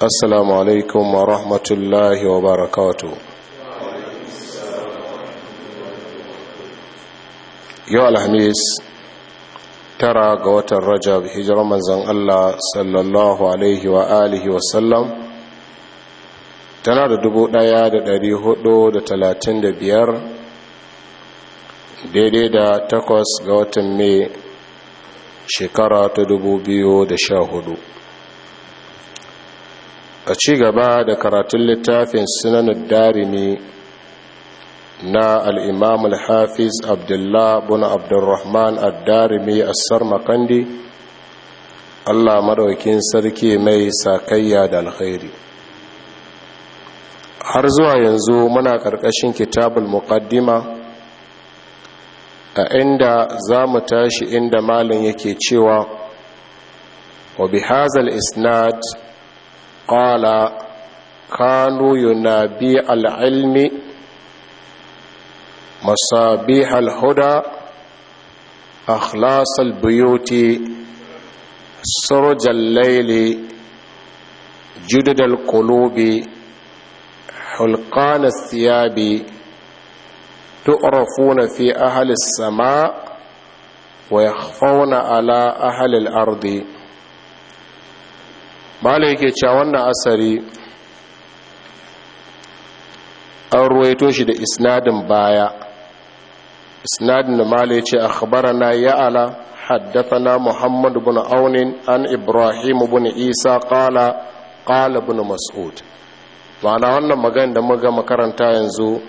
assalamu alaikum wa rahmatullahi wa barakatu yau alhamis tara ga watan rajab hijirar manzan allah sallallahu alaihi wa alihi tana da dubu daya da dari hudu da talatin da biyar daidai da takwas ga watan mai shekara ta dubu biyu da sha hudu a ci gaba da karatun littafin sinanar darimi na al'imam al-hafiz abdullah bin abdurrahman al-darimi a makandi allah maɗaukin sarki mai sakayya da alkhairi har zuwa yanzu muna ƙarƙashin kitabul muqaddima a inda za mu tashi inda malin yake cewa wa bihazal isnad qala kanu yunabi al-ilmi masabih al-huda akhlas al-buyuti سرج الليل جدد القلوب حلقان الثياب تعرفون في أهل السماء ويخفون على أهل الأرض malai ke cewa wannan asari an ruwaito shi da isnadin baya isnadin da malai ce akhbarana ya'ala haddathana muhammad bin aunin an ibrahim bin isa kala kala bin mas'ud ma'ana wannan magana da muga makaranta yanzu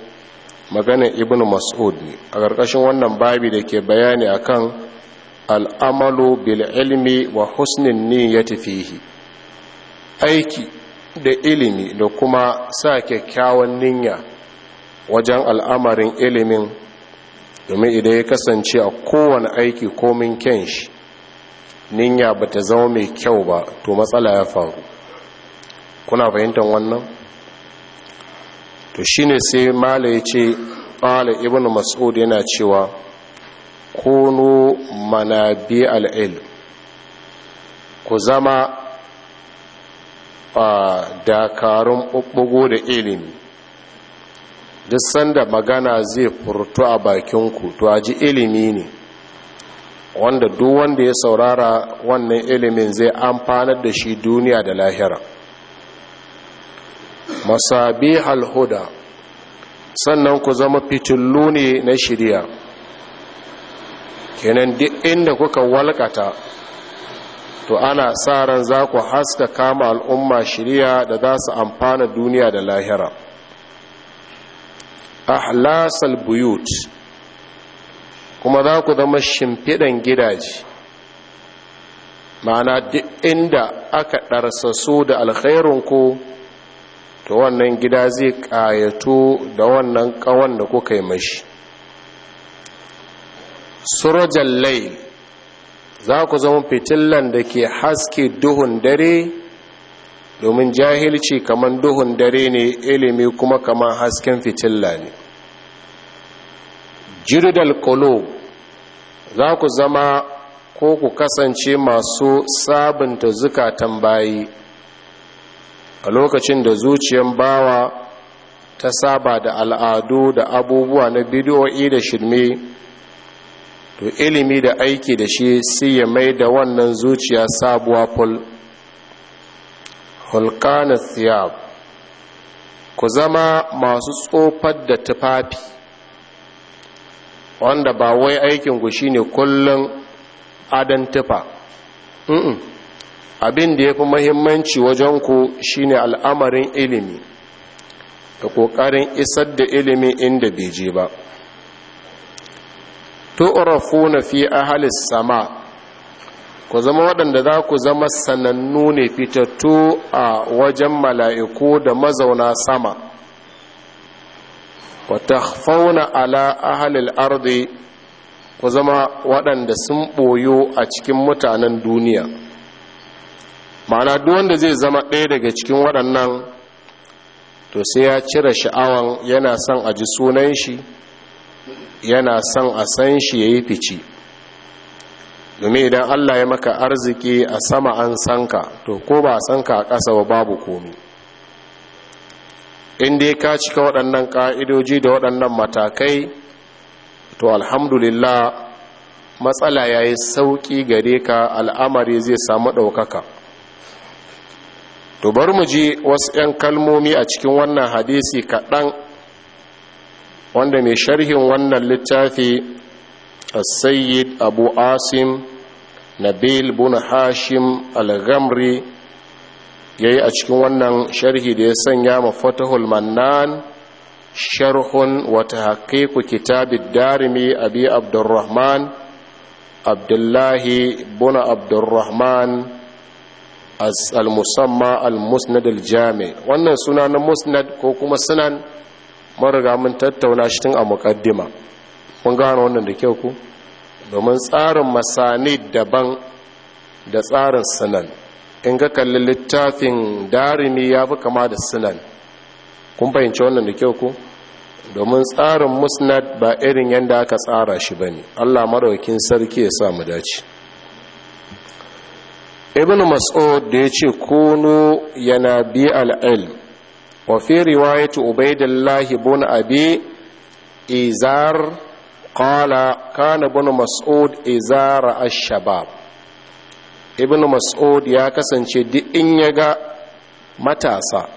maganin ibn mas'ud ne a ƙarƙashin wannan babi da ke bayani akan al'amalu bil ilmi wa husnin ya tafihi aiki da ilimi da kuma sa kyakkyawan niyya wajen al'amarin ilimin domin idan ya kasance a kowane aiki komin kyan shi niyya ba ta zama mai kyau ba to matsala ya faru kuna fahimtar wannan to shine sai mala ya ce ƙala ibn mas'ud yana cewa kunu manabi al'il ku zama a dakarun ɓuɓɓugo da ilimi duk sanda magana zai furtu a bakinku to a ji ilimi ne wanda duk wanda ya saurara wannan ilimin zai amfanar da shi duniya da lahira masabi alhuda sannan ku zama fitillu ne na shirya kenan duk inda kuka walkata to ana sa ran za ku haska kama al'umma shirya da za su amfana duniya da lahira ahlasal buyut kuma za ku zama shimfiɗan gidaje ma'ana duk inda aka ɗarsasu da alkhairunku to wannan gida zai ƙayatu da wannan ƙawan da kuka yi mashi surajan lail za ku zama fitilan da ke haske duhun dare domin jahilci kamar duhun dare ne ilimi kuma kaman hasken fitilla ne jirdal kolo za ku zama ko ku kasance masu sabunta zukatan bayi a lokacin da zuciyan bawa ta saba da al'adu da abubuwa na bidiyo'i da shirme to ilimi da aiki da shi sai ya mai da wannan zuciya sabuwa ful hulkana thiyab ku zama masu tsofar da tufafi wanda ba wai aikin ku shine kullum adan tufa abin da ya fi mahimmanci wajen ku shine al'amarin ilimi da ƙoƙarin isar da ilimi inda bai je ba tu'rafuna fi ahlis sama ku zama waɗanda za ku zama sanannu ne fitattu a wajen mala'iku da mazauna sama wa takhfauna ala ahlil ardi ku zama waɗanda sun ɓoyo a cikin mutanen duniya ma'ana duk wanda zai zama ɗaya daga cikin waɗannan to sai ya cire sha'awan yana son a ji sunan shi yana son a san shi ya yi fici domin idan allah ya maka arziki a sama an san ka, to ko ba a sanka a ƙasa ba babu komi inda ya ka cika waɗannan ƙa'idoji da waɗannan matakai to alhamdulillah matsala ya yi sauƙi gare ka al'amari zai samu ɗaukaka to bar mu ji wasu ‘yan kalmomi a cikin wannan hadisi kaɗan wanda mai sharhin wannan littafi sayyid abu asim nabil bin hashim al-gamri ya yi a cikin wannan sharhi da ya sanya ma fatahul mannan sharhun wata haƙiƙu kitabid darimi abi abdurrahman abdullahi bin abdurrahman al musamman al-musnad al-jami wannan suna na musnad ko kuma sunan riga mun tattauna shi tun a mukaddima kun gano wannan da kyau ku domin tsarin masani daban da tsarin sunan in ga kallin littafin darimi ya fi kama da sunan kun fahimci wannan da kyau ku domin tsarin musnad ba irin yadda aka tsara shi ba ne allah maraukin sarki ya sa mu dace ibn mas'ud da ya ce kono yana bi al'ilm wa fi riwayatu ubaidullahi bin abi izar qala kana bin mas'ud izara ash-shabab ibn mas'ud ya kasance duk in ya ga matasa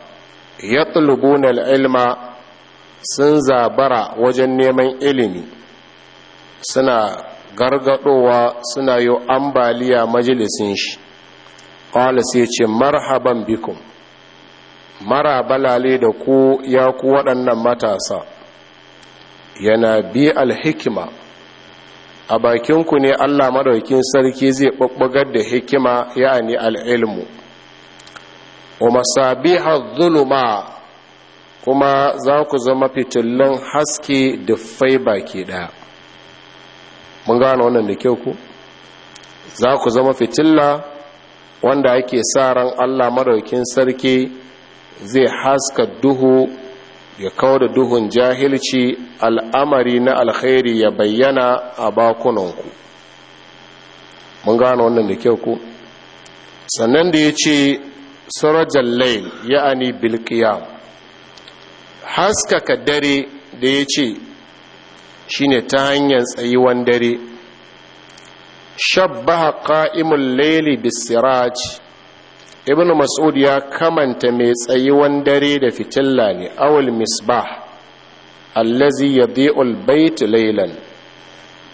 ya tulubuna ilma sun zabara wajen neman ilimi suna gargadowa suna yi ambaliya majalisin shi ƙwala sai ce marhaban bikum mara balale da ku ya ku waɗannan matasa yana bi alhikima a bakinku ne allah madaukin sarki zai ɓaɓɓagar da hikima ne al'ilmu wa masabihar zuluma kuma za ku zama fitillun haske da ba baki ɗaya mun gano wannan da kyau ku za ku zama fitilla wanda ake sa ran allah maɗaukin sarki zai haska duhu ya kawo da duhun jahilci al'amari na alkhairi ya bayyana a bakunanku mun gano wannan da kyau ku sannan da ya ce surajar lail ya'ani bilkiya. haskaka dare da ya ce shine ta hanyar tsayuwan dare shabbaha ka'imun laili bisiraci ibn mas'ud ya kamanta mai tsayuwan dare da fitilla ne awul misbah allazi yadhi'ul bait laylan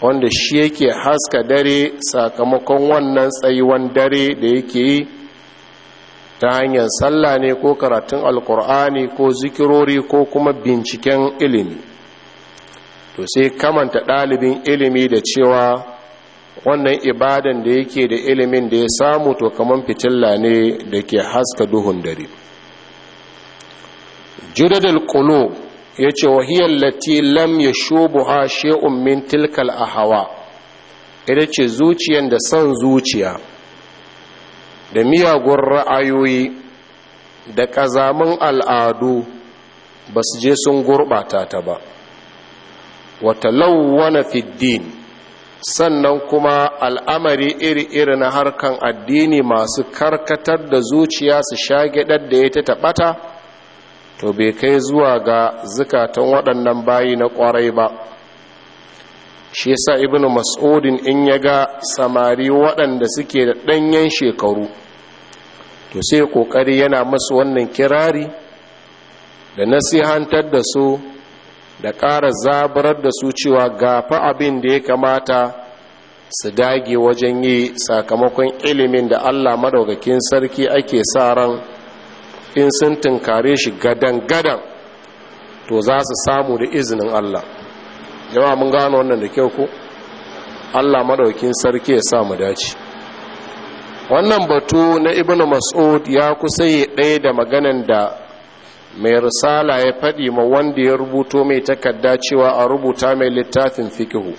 wanda shi yake haska dare sakamakon wannan tsayuwan dare da yake yi ta hanyar sallah ne ko karatun alkur'ani ko zikirori ko kuma binciken ilimi to sai kamanta ɗalibin ilimi da cewa wannan ibadan da yake da ilimin da ya samu to kaman fitilla ne da ke haska duhun dare judadul qulub yace wahiyar lati lam yashubuha shay'un min tilkal Hawa, ita ce zuciyan da son zuciya da miyagun ra'ayoyi da ƙazamin al'adu ba su je sun gurɓata ta ba wata lauwana din. sannan kuma al'amari iri-iri na harkan addini masu karkatar da zuciya su shagidar da ya ta taɓata to bai kai zuwa ga zukatan waɗannan bayi na ƙwarai ba shi sa ibn mas'udin in ya ga samari waɗanda suke da ɗanyen shekaru to sai ƙoƙari yana masu wannan kirari da nasihantar da su da ƙara zabarar da su cewa gafa abin da ya kamata su dage wajen yi sakamakon ilimin da allah maɗaukakin sarki ake sa ran in sun tunkare shi gadan-gadan to za su samu da izinin allah jama'a mun gano wannan da kyau ko allah maɗaukakin sarki ya sa mu dace wannan batu na ibn mas'ud ya kusa yi ɗaya da maganan da mai risala ya faɗi ma wanda ya rubuto mai takarda cewa a rubuta mai littafin fikihu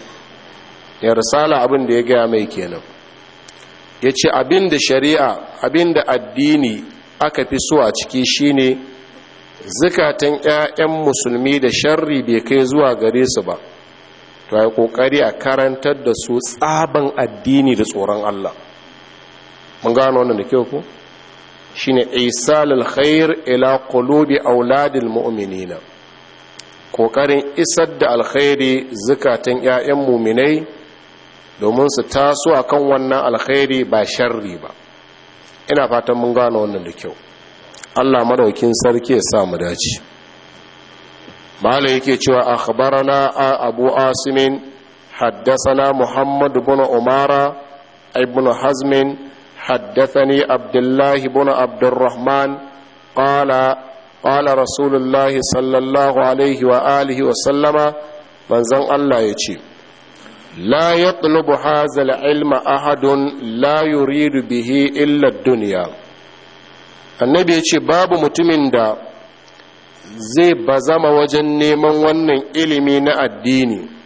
ya risala abin da ya gaya mai kenan ya ce abin da shari'a abin da addini aka fi so a ciki shine zukatan 'ya'yan musulmi da sharri bai kai zuwa gare su ba to ya kokari a karantar da su tsaban addini da tsoron Allah mun gano wannan da kyau ku. shine isalul khair ila qulubi auladil mu'minina kokarin isar da alkhairi zukatan 'ya'yan muminai domin su taso akan wannan alkhairi ba sharri ba ina fatan mun gano wannan da kyau Allah madaukin sarki ya sa mu dace malai yake cewa akhbarana abu asimin na Muhammadu بن Umara, ibn hazmin حدثني عبد الله بن عبد الرحمن قال قال رسول الله صلى الله عليه وآله وسلم من زن الله يجي لا يطلب هذا العلم أحد لا يريد به إلا الدنيا annabi ya ce babu mutumin da zai bazama wajen neman wannan ilimi na addini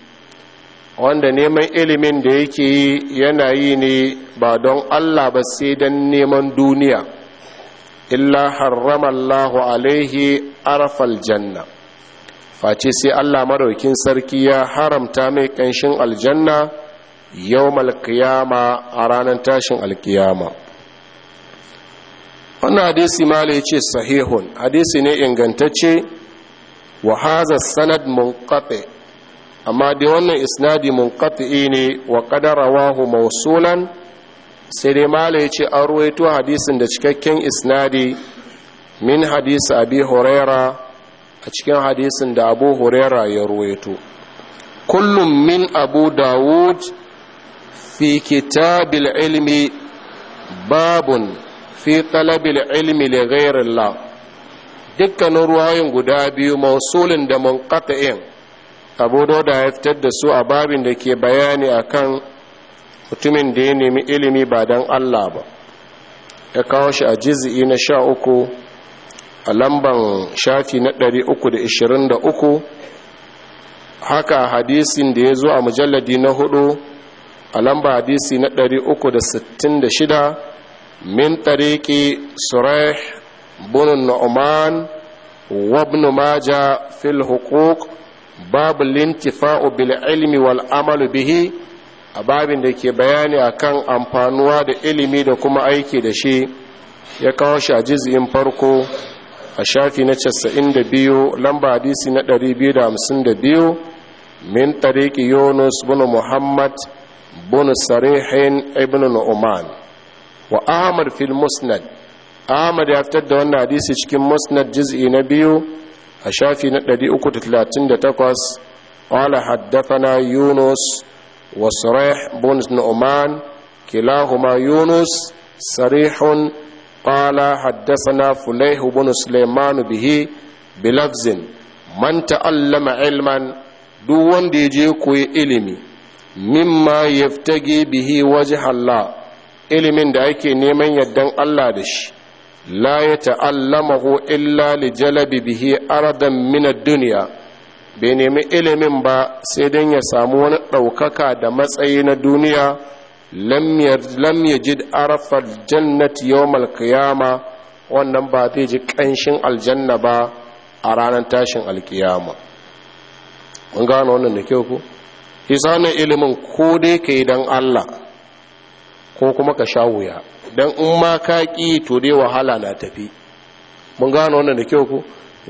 wanda neman ilimin da yake yi yana yi ne ba don Allah ba sai don neman duniya illa harramallahu alaihi arafal janna face sai Allah maraukin sarki ya haramta mai ƙanshin aljanna yau malkiyama a ranar tashin alkiyama wannan hadisi ma ya ce sahihun hadisi ne ingantacce wa haza sanad munkaɗe amma dai wannan isnadi munqati ne wa kadara wahu mausulan sai dai mala ce an ruwaito hadisin da cikakken isnadi min hadisi abi huraira a cikin hadisin da abu huraira ya ruwaito kullum min abu dawud fi kitabil ilmi babun fi talabil ilmi li ghairillah dukkanin ruwayin guda biyu mausulin da munqati'in abu dauda ya fitar da su a babin da ke bayani a kan mutumin da ya nemi ilimi ba don allah ba ya kawo shi a jizi'i na sha uku a lamban shafi na ɗari uku da ishirin da uku haka hadisin da ya zo a mujalladi na hudu a lamba hadisi na ɗari uku da sittin da shida min tariki surah bunun na'uman wabnu maja fil hukuk babu lintifa'u bil ilmi wal amalu bihi a babin da ke bayani akan amfanuwa da ilimi da kuma aiki da shi ya kawo shi a juz'in farko a shafi na 92 lamba hadisi na 252 min tariki yunus bin muhammad bin sarihin ibn nu'man wa ahmad fil musnad ahmad ya fitar da wannan hadisi cikin musnad juz'i na biyu a shafi na 338 qala haddathana yunus wa sarih bin nu'man kilahuma yunus sarihun qala haddathana fulayh bin sulaiman bihi ilman duk wanda ya je koyi ilimi mimma yaftagi bihi wajh ilimin da ake neman yardan Allah da shi la ya ta'allamahu illa li jalabi bihi aradan min duniya bai nemi ilimin ba sai dan ya samu wani ɗaukaka da matsayi na duniya lam yajid arafa jannat yawmal wannan ba zai ji ƙanshin aljanna ba a ranar tashin alkiyama mun gano wannan da kyau ku. isa ilimin ko dai yi dan Allah ko kuma ka sha wuya dan in ma ka to dai wahala na tafi mun gano wannan da kyau ku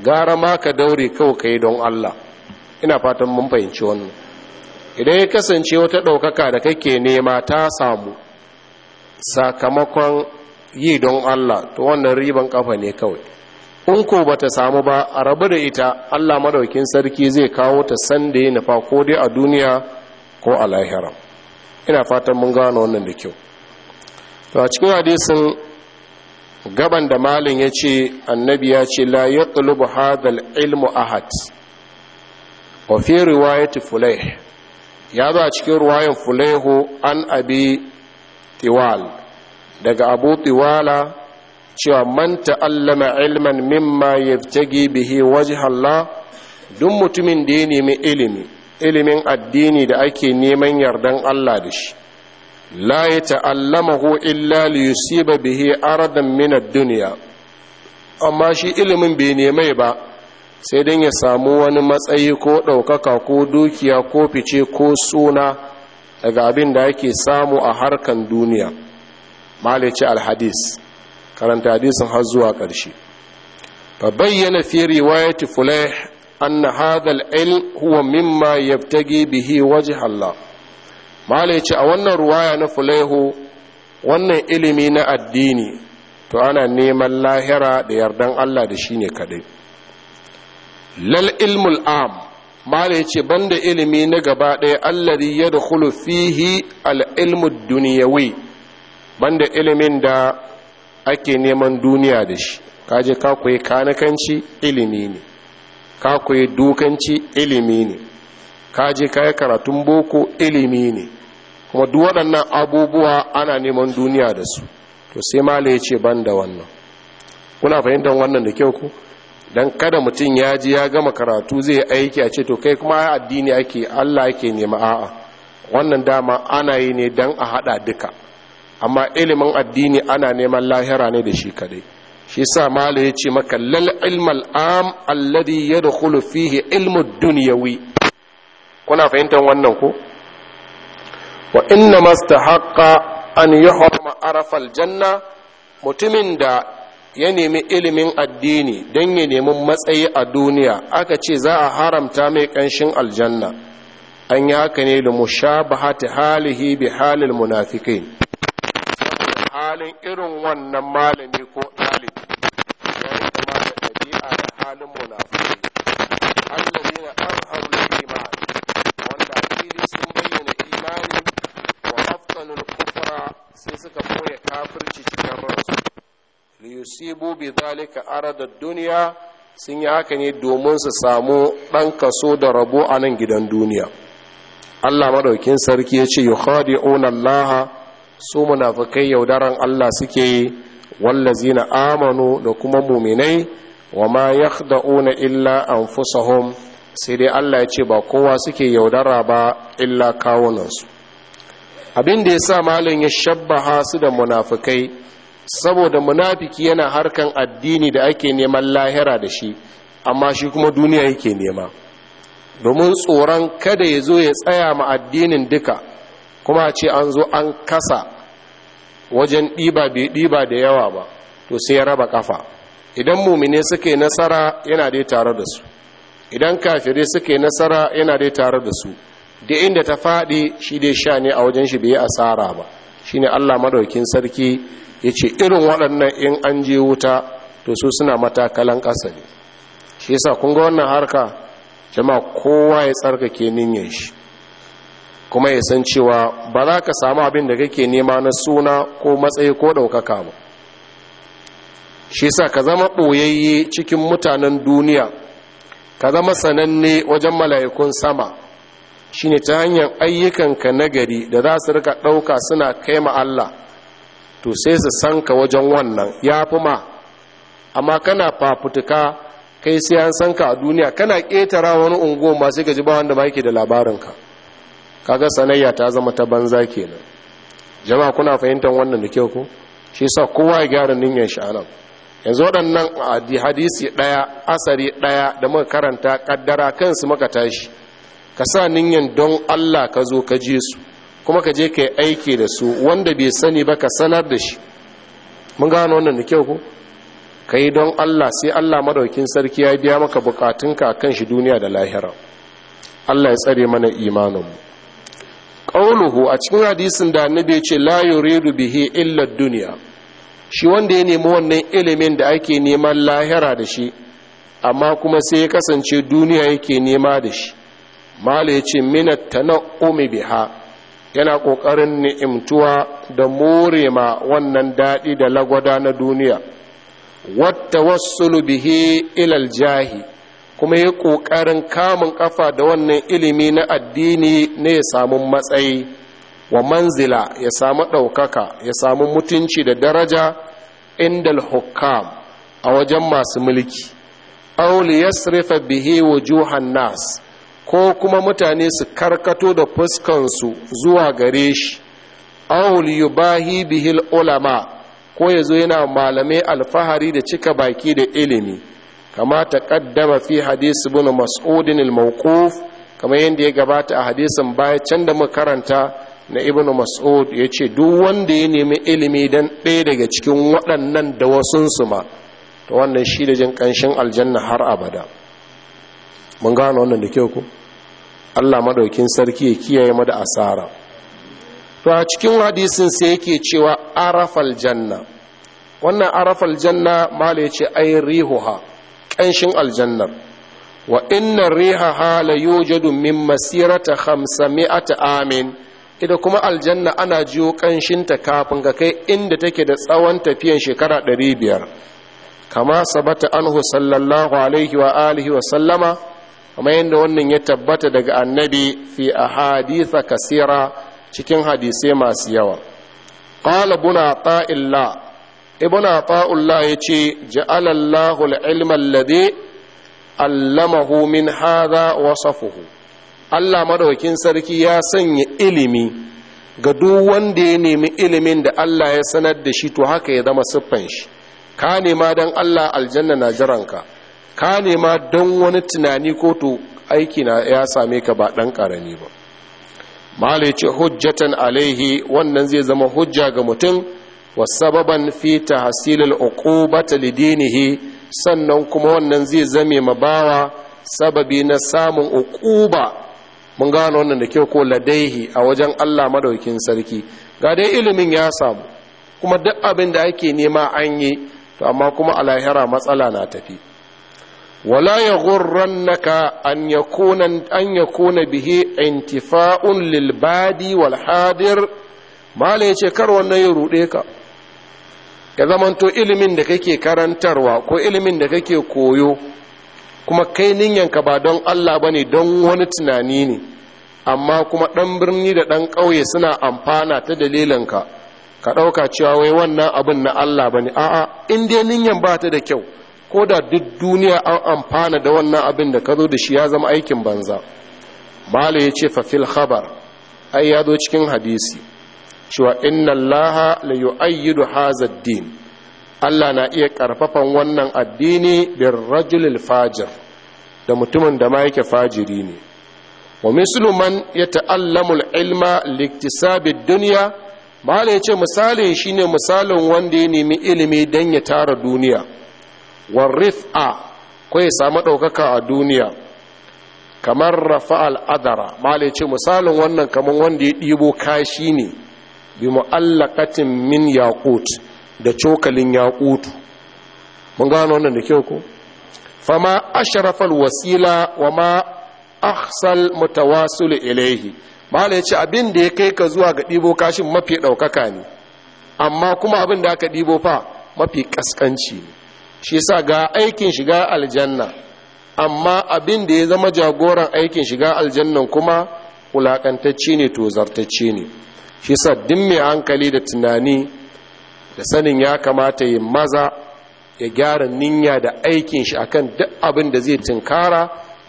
gara ma ka daure kawai kai yi don Allah ina fatan mun fahimci wannan idan ya kasance wata ɗaukaka da kake nema ta samu sakamakon yi don Allah to wannan riban kafa ne kawai in ko bata samu ba a rabu da ita Allah madaukin sarki zai kawo ta san sanda ya nufa ko dai a duniya ko a lahira ina fatan mun gano wannan da kyau to a cikin hadisin gaban da malin ya ce annabi ya ce la ya ɗulubu hadal ilmu ahad wa fi riwayati fulai ya zo a cikin ruwayan fulaihu an abi tiwal daga abu tiwala cewa man ta'allama ilman mimma yaftagi bihi waje duk mutumin da ya nemi ilimi ilimin addini da ake neman yardan Allah da shi la ta'allama ta'allamahu illa li yusiba bihi aradan min ad amma shi ilimin bai neme ba sai dan ya samu wani matsayi ko ɗaukaka ko dukiya ko fice ko suna daga abin da ake samu a harkan duniya malice al-hadis karanta hadisin har zuwa ƙarshe fa bayyana fi riwayati fulayh anna hadha al-ilm huwa mimma yabtagi bihi wajh Allah malai ce a wannan ruwaya na fulaihu wannan ilimi na addini to ana neman lahira da yardan Allah da shi ne kaɗai lal ilmul am malai ce banda ilimi na gaba ɗaya allari ya da fihi al'ilmud duniyawi banda ilimin da ake neman duniya da shi kaje ka koyi kanakanci ilimi ne ka koyi dukanci ilimi ne kaje ka karatun boko ilimi ne kuma duk waɗannan abubuwa ana neman duniya da su to sai mala ya ce ban da wannan kuna fahimtar wannan da kyau ku don kada mutum ya ji ya gama karatu zai aiki a ce to kai kuma addini ake allah yake nema a'a wannan dama ana yi ne dan a haɗa duka amma ilimin addini ana neman lahira ne da shi kadai shi sa mala ya ce maka lal ilmal am alladhi yadkhulu fihi ilmu dunyawi kuna fahimtar wannan ko wa inna haƙa an yi hama arafal janna mutumin da ya nemi ilimin addini don ya nemi matsayi a duniya aka ce za a haramta mai ƙanshin aljanna an yi haka ne da mushabahati halihi bi halil munafikai halin irin wannan malami ko kafirci cikin ransu liyusibu bi zalika aradad duniya sun yi haka ne domin su samu ɗan kaso da rabo a nan gidan duniya Allah maɗaukin sarki ya ce yukhadi'una Allah su munafikai yaudaran Allah suke yi wallazina amanu da kuma muminai wa ma yakhda'una illa anfusahum sai dai Allah ya ce ba kowa suke yaudara ba illa kawunansu abin da ya sa malin ya shabbaha su da munafukai saboda munafiki yana harkan addini da ake neman lahira da shi amma shi kuma duniya yake nema domin tsoron kada ya zo ya tsaya ma addinin duka kuma ce an zo an kasa wajen ɗiba bai ɗiba da yawa ba to sai ya raba kafa idan mumine suke nasara yana dai tare da su idan kafirai suke nasara yana dai tare da su da inda ta faɗi shi dai sha ne a wajen shi bai asara ba shi ne Allah maɗaukin sarki ya ce irin waɗannan in an je wuta to su suna matakalan ƙasa ne shi yasa kun ga wannan harka jama'a kowa ya tsarkake niyyar shi kuma ya san cewa ba za ka samu abin da kake nema na suna ko matsayi ko ɗaukaka ba shi sa ka zama ɓoyayye cikin mutanen duniya ka zama sananne wajen mala'ikun sama shine ta hanyar ayyukanka nagari da za su rika ɗauka suna kai ma Allah to sai su san ka wajen wannan ya fi ma amma kana fafutuka kai sai an san ka a duniya kana ƙetara wani unguwa masu gaji ba wanda ba yake da labarinka kaga sanayya ta zama ta banza kenan jama'a kuna fahimtar wannan da kyau ko shi sa kowa ya gyara niyyar shi yanzu waɗannan hadisi ɗaya asari ɗaya da muka karanta kaddara kansu maka tashi ka sa niyan don Allah ka zo ka je su kuma ka je ka yi aiki da su wanda bai sani ba ka sanar da shi mun gano wannan da kyau ko ka yi don Allah sai Allah madaukin sarki ya biya maka bukatunka kan shi duniya da lahira Allah ya tsare mana imaninmu qauluhu a cikin hadisin da annabi ya ce la yuridu bihi illa dunya shi wanda ya nemi wannan ilimin da ake neman lahira da shi amma kuma sai ya kasance duniya yake nema da shi mali ya ce na tana'umi biha yana ƙoƙarin ni'imtuwa da more ma wannan daɗi da lagwada na duniya wata wasu lubihi ilal jahi kuma ya ƙoƙarin kamun ƙafa da wannan ilimi na addini ne ya samu matsayi wa manzila ya samu ɗaukaka ya samu mutunci da daraja indal hukam a wajen masu mulki auli yasrifa bihi wujuhan nas ko kuma mutane su karkato da fuskansu zuwa gare shi awul yubahi bihil ulama ko ya zo yana malamai alfahari da cika baki da ilimi kama ta kaddama fi hadisi bin mas'udin al-mawquf kamar yadda ya gabata a hadisin baya can da muka karanta na ibnu mas'ud ya ce duk wanda ya nemi ilimi dan ɗaya daga cikin waɗannan da wasunsu ma to wannan shi da jin ƙanshin aljanna har abada mun gano wannan da kyau ku Allah madaukin sarki ya kiyaye mu da asara to a cikin hadisin sai yake cewa arafal janna wannan arafal janna mala yace ay rihuha kanshin aljannar wa inna rihaha la yujadu min masirata 500 amin idan kuma aljanna ana jiyo ƙanshinta kafin ga kai inda take da tsawon tafiyan shekara 500 kama sabata anhu sallallahu alaihi wa alihi wa sallama kamar yadda wannan ya tabbata daga annabi fi haditha kasira cikin hadisai masu yawa qala buna ta'illa ibuna ta'ulla yace ce Allahu al-ilma allamahu min hadha wasafuhu Allah madaukin sarki ya sanya ilimi ga duk wanda ya nemi ilimin da Allah ya sanar da shi to haka ya zama siffan shi ka nema don Allah aljanna na jiranka ka nema don wani tunani ko to aiki na ya same ka ba ɗan karami ba malai ce hujjatan alaihi wannan zai zama hujja ga mutum wasababan fi tahsilil uqubata lidinihi sannan kuma wannan zai zame mabawa sababi na samun uquba mun gano wannan da kyau ko ladaihi a wajen Allah madaukin sarki ga dai ilimin ya samu kuma duk abin da ake nema an yi to amma kuma a matsala na tafi wala ya ghurrannaka an yakuna an yakuna bihi intifa'un lil badi wal hadir mala yace kar wannan ya rude ka ya zamanto ilimin da kake karantarwa ko ilimin da kake koyo kuma kai ninyanka ba don Allah bane don wani tunani ne amma kuma ɗan birni da ɗan ƙauye suna amfana ta dalilinka ka ɗauka cewa wai wannan abin na Allah bane. a'a in dai bata da kyau ko da duk duniya an amfana da wannan abin da ka zo da shi ya zama aikin banza mala ya ce fafil khabar ai ya zo cikin hadisi cewa inna allaha la yu'ayyidu hadha din Allah na iya karfafan wannan addini bin rajulil fajir da mutumin da ma yake fajiri ne wa mislu man yata'allamu al-ilma liktisabi ad-dunya mala ya ce misalin shine misalin wanda ya nemi ilimi dan ya tara duniya warif'a ko ya samu ɗaukaka a duniya kamar rafa al'adara malai ce misalin wannan kamar wanda ya ɗibo kashi ne bi mu'allakatin min yaƙut da cokalin yaƙutu mun gano wannan da kyau ko fama asharafal wasila wa ma ahsal mutawasul ilaihi malai ce abin da ya kai ka zuwa ga ɗibo kashin mafi ɗaukaka ne amma kuma abin da aka ɗibo fa mafi ƙasƙanci ne shi sa ga aikin shiga aljanna amma abin da ya zama jagoran aikin shiga aljanna kuma wulaƙantacce ne tozartacce ne shi sa din mai hankali da tunani da sanin ya kamata yin maza ya gyara ninya da aikin shi akan duk abin da zai tunkara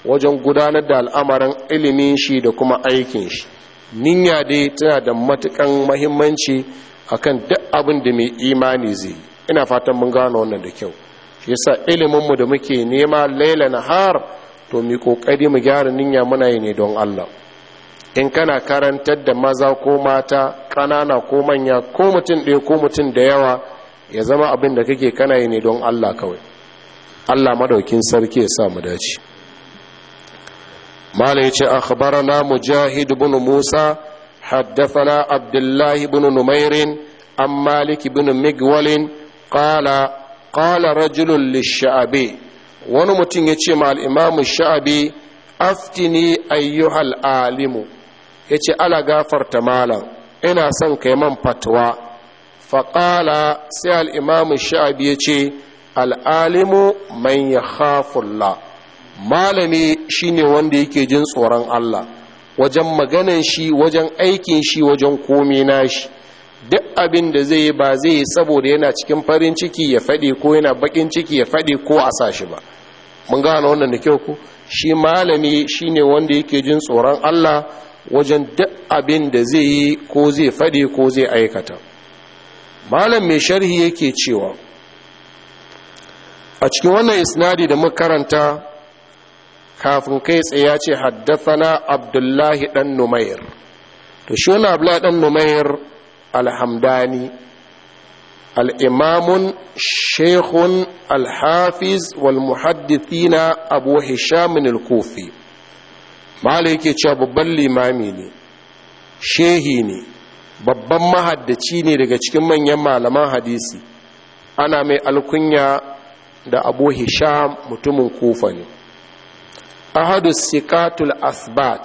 wajen gudanar da al'amarin ilimin shi da kuma aikin shi ninya dai tana da matukan mahimmanci akan duk abin da mai imani zai ina fatan mun gano wannan da kyau shi yasa iliminmu da muke nema laila nahar to mi kokari mu gyara ninya muna yi ne don Allah in kana karantar da maza ko mata ƙanana ko manya ko mutum ɗaya ko mutum da yawa ya zama abin da kake kana yi ne don Allah kawai Allah madaukin sarki ya sa mu dace mala yace akhbarana mujahid ibn musa haddathana abdullahi ibn numairin an malik ibn migwalin qala qala rajulun lish'abi wani mutum ya ce ma al'imamu sha'abi aftini ayyuhal alimu ya ce ala gafarta malam ina son kai man fatwa. faƙala sai al'imamu sha'abi ya ce al'alimu man ya hafulla malami shine wanda yake jin tsoron Allah wajen maganan shi wajen aikin shi wajen komi nashi duk abin da zai yi ba zai yi saboda yana cikin farin ciki ya faɗi ko yana bakin ciki ya faɗi ko a sa shi ba mun gane wannan da kyau ku shi malami shine wanda yake jin tsoron Allah wajen duk abin da zai yi ko zai faɗi ko zai aikata malam mai sharhi yake cewa a cikin wannan isnadi da muka karanta kafin kai tsaye ya ce haddathana abdullahi ɗan numair to shi wani abdullahi dan numair alhamdani al'imamun shekun alhafiz والمحدثين أبو هشام al-kufi mala yake cewa babban limami ne shehi ne babban mahaddaci ne daga cikin manyan malaman hadisi ana mai alkunya da abu hisham mutumin kufa ne ahadu sikatul asbat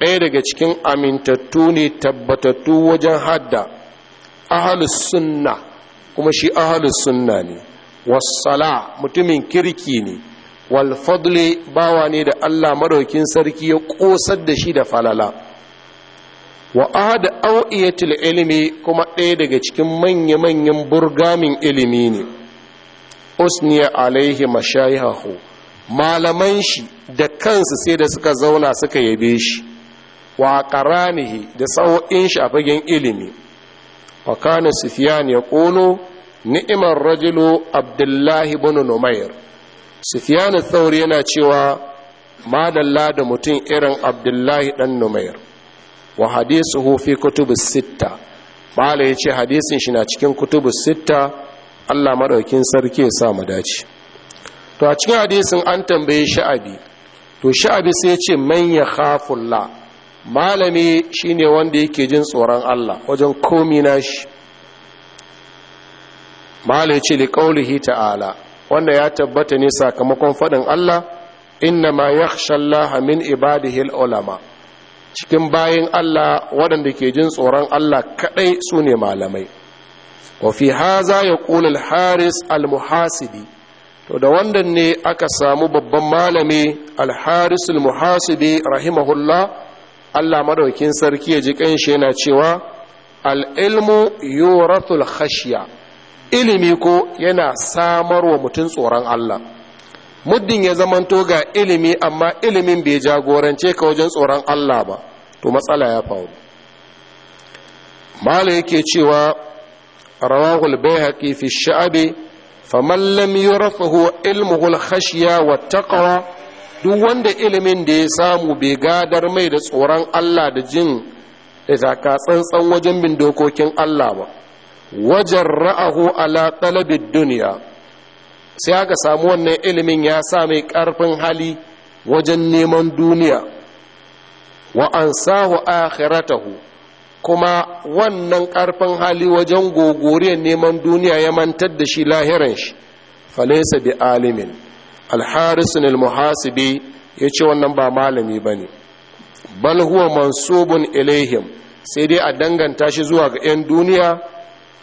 ɗaya daga cikin amintattu ne tabbatattu wajen hadda ahalus sunna kuma shi ahalus sunna ne wassala mutumin kirki ne walfadle bawa ne da allah maraukin sarki ya ƙosar da shi da falala wa ahad au'iyatul ilimi kuma ɗaya daga cikin manya-manyan burgamin ilimi ne usniya alaihi mashayahu malaman shi da kansu sai da suka zauna suka yabe shi wa karanihi da sa'o'in shi a fagen ilimi wa kana ya kono ni'imar rajulu abdullahi bin numair sufiyan thauri yana cewa madalla da mutum irin abdullahi dan numair wa hadisuhu fi kutubus sitta ya yace hadisin shi na cikin kutubus sitta Allah madaukin sarki ya sa mu dace to a cikin hadisin an tambaye sha'abi to sha'abi sai ya ce man ya khafullah malami shine wanda yake jin tsoron Allah wajen komi nashi malai ce liqaulihi ta'ala wanda ya tabbata ne sakamakon faɗin Allah innama yakhshallaha min hil ulama cikin bayan Allah waɗanda ke jin tsoron Allah kadai sune malamai wa fi haza yaqulu al-haris al-muhasibi to da wannan ne aka samu babban malami al-haris al-muhasibi rahimahullah Allah maɗaukin sarki ya ji shi yana cewa al'ilmu ilmu yurathul khashya ilimi ko yana samarwa mutum tsoron Allah muddin ya zamanto ga ilimi amma ilimin bai jagorance ka wajen tsoron Allah ba to matsala ya faru mala yake cewa rawahul bayhaqi fi sha'abi faman lam yurafahu ilmuhu al-khashya wat taqwa duk wanda ilimin da ya samu bai gadar mai da tsoron Allah da jin da tsantsan wajen bin dokokin Allah ba wajen ra'ahu ala talabid duniya sai aka samu wannan ilimin ya sa mai ƙarfin hali wajen neman duniya wa an sahu akhiratahu kuma wannan ƙarfin hali wajen gogoriyar neman duniya ya mantar da shi lahiran shi falaisa bi alimin alharisun almuhasibi ya ce wannan ba malami ba ne bal huwa mansubun ilaihim sai dai a danganta shi zuwa ga 'yan duniya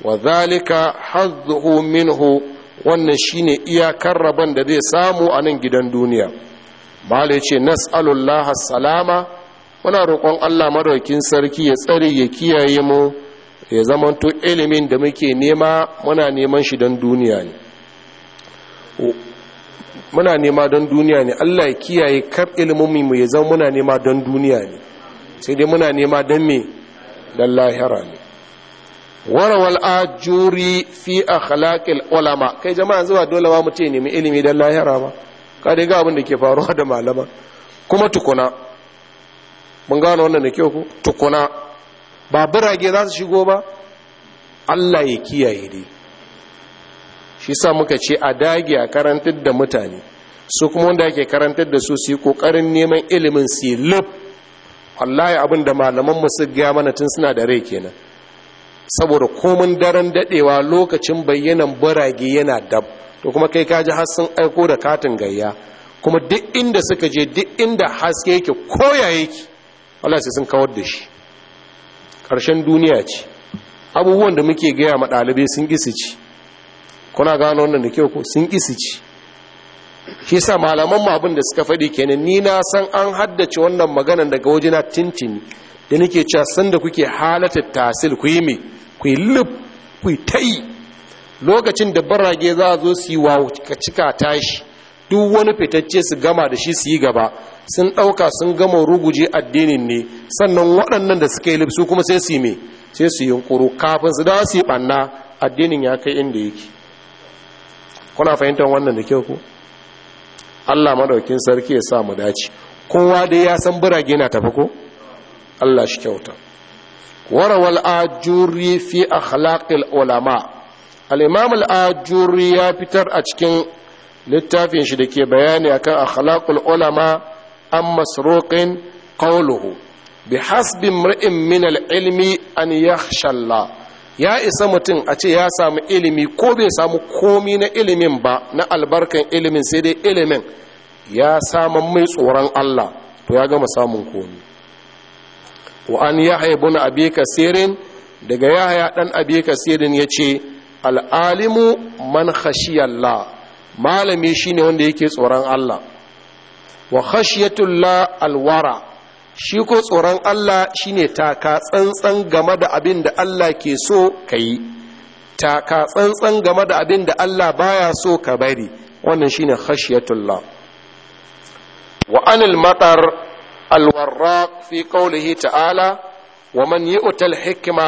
wa zalika hazzuhu minhu wannan shine iyakar rabon da zai samu a nan gidan duniya mala ya ce nas'alullaha salama muna roƙon allah maraukin sarki ya tsare ya kiyaye mu ya zamanto ilimin da muke nema muna neman shi don duniya ne muna nema don duniya ne Allah ya kiyaye kar ilimin mu ya zama muna nema don duniya ne sai dai muna nema don me don lahira ne warawal ajuri fi akhlaqil ulama kai jama'a zuwa dole ba mutum nemi ilimi don lahira ba ka dai ga abin da ke faruwa da malama kuma tukuna mun gano wannan da kyau ku? tukuna ba birage za su shigo ba Allah ya kiyaye dai shi sa muka ce a dage a karantar da mutane su kuma wanda ake karantar da su su yi kokarin neman ilimin su lub wallahi abin da malaman mu su gaya mana tun suna da rai kenan saboda komin daren dadewa lokacin bayyanan burage yana dab to kuma kai kaji har sun aiko da katin gayya kuma duk inda suka je duk inda haske yake koya yake Allah sai sun kawar da shi karshen duniya ce abubuwan da muke gaya ma ɗalibai sun gisi ci kuna gano wannan da kyau ko sun isi ci shi sa malaman mu abin da suka faɗi kenan ni na san an haddace wannan maganan daga wajena tintini da nake cewa san da kuke halata tasil ku yi me ku yi lub ku lokacin da barage za zo su yi wawo cika tashi duk wani fitacce su gama da shi su yi gaba sun ɗauka sun gama ruguje addinin ne sannan waɗannan da suka yi lub kuma sai su yi me sai su yi kafin su da su yi ɓanna addinin ya kai inda yake kuna fahimtar wannan da kyau ku Allah madaukin sarki ya sa mu dace kowa dai ya san birage na tafi ko Allah shi kyauta warawal ajuri fi akhlaqil ulama al-imam al-ajuri ya fitar a cikin littafin shi dake bayani akan akhlaqul ulama am masruqin qawluhu bihasbi imri'in min al-ilmi an yakhsha Allah ya isa mutum a ce ya samu ilimi ko bai samu komi na ilimin ba na albarkan ilimin sai dai ilimin ya samu mai tsoron Allah to ya gama samun komi wa an ya haibu na abi kasirin daga ya haya ɗan abi kasirin ya ce al'alimu man Allah malami shine wanda yake tsoron Allah wa khashiyatullah alwara shi ko tsoron Allah shine taka tsantsan game da abin da Allah ke so ka yi taka tsantsan game da abin da Allah baya so ka bari wannan shine khashiyatullah wa anil matar alwarraq fi qawlihi ta'ala wa man otal-hikima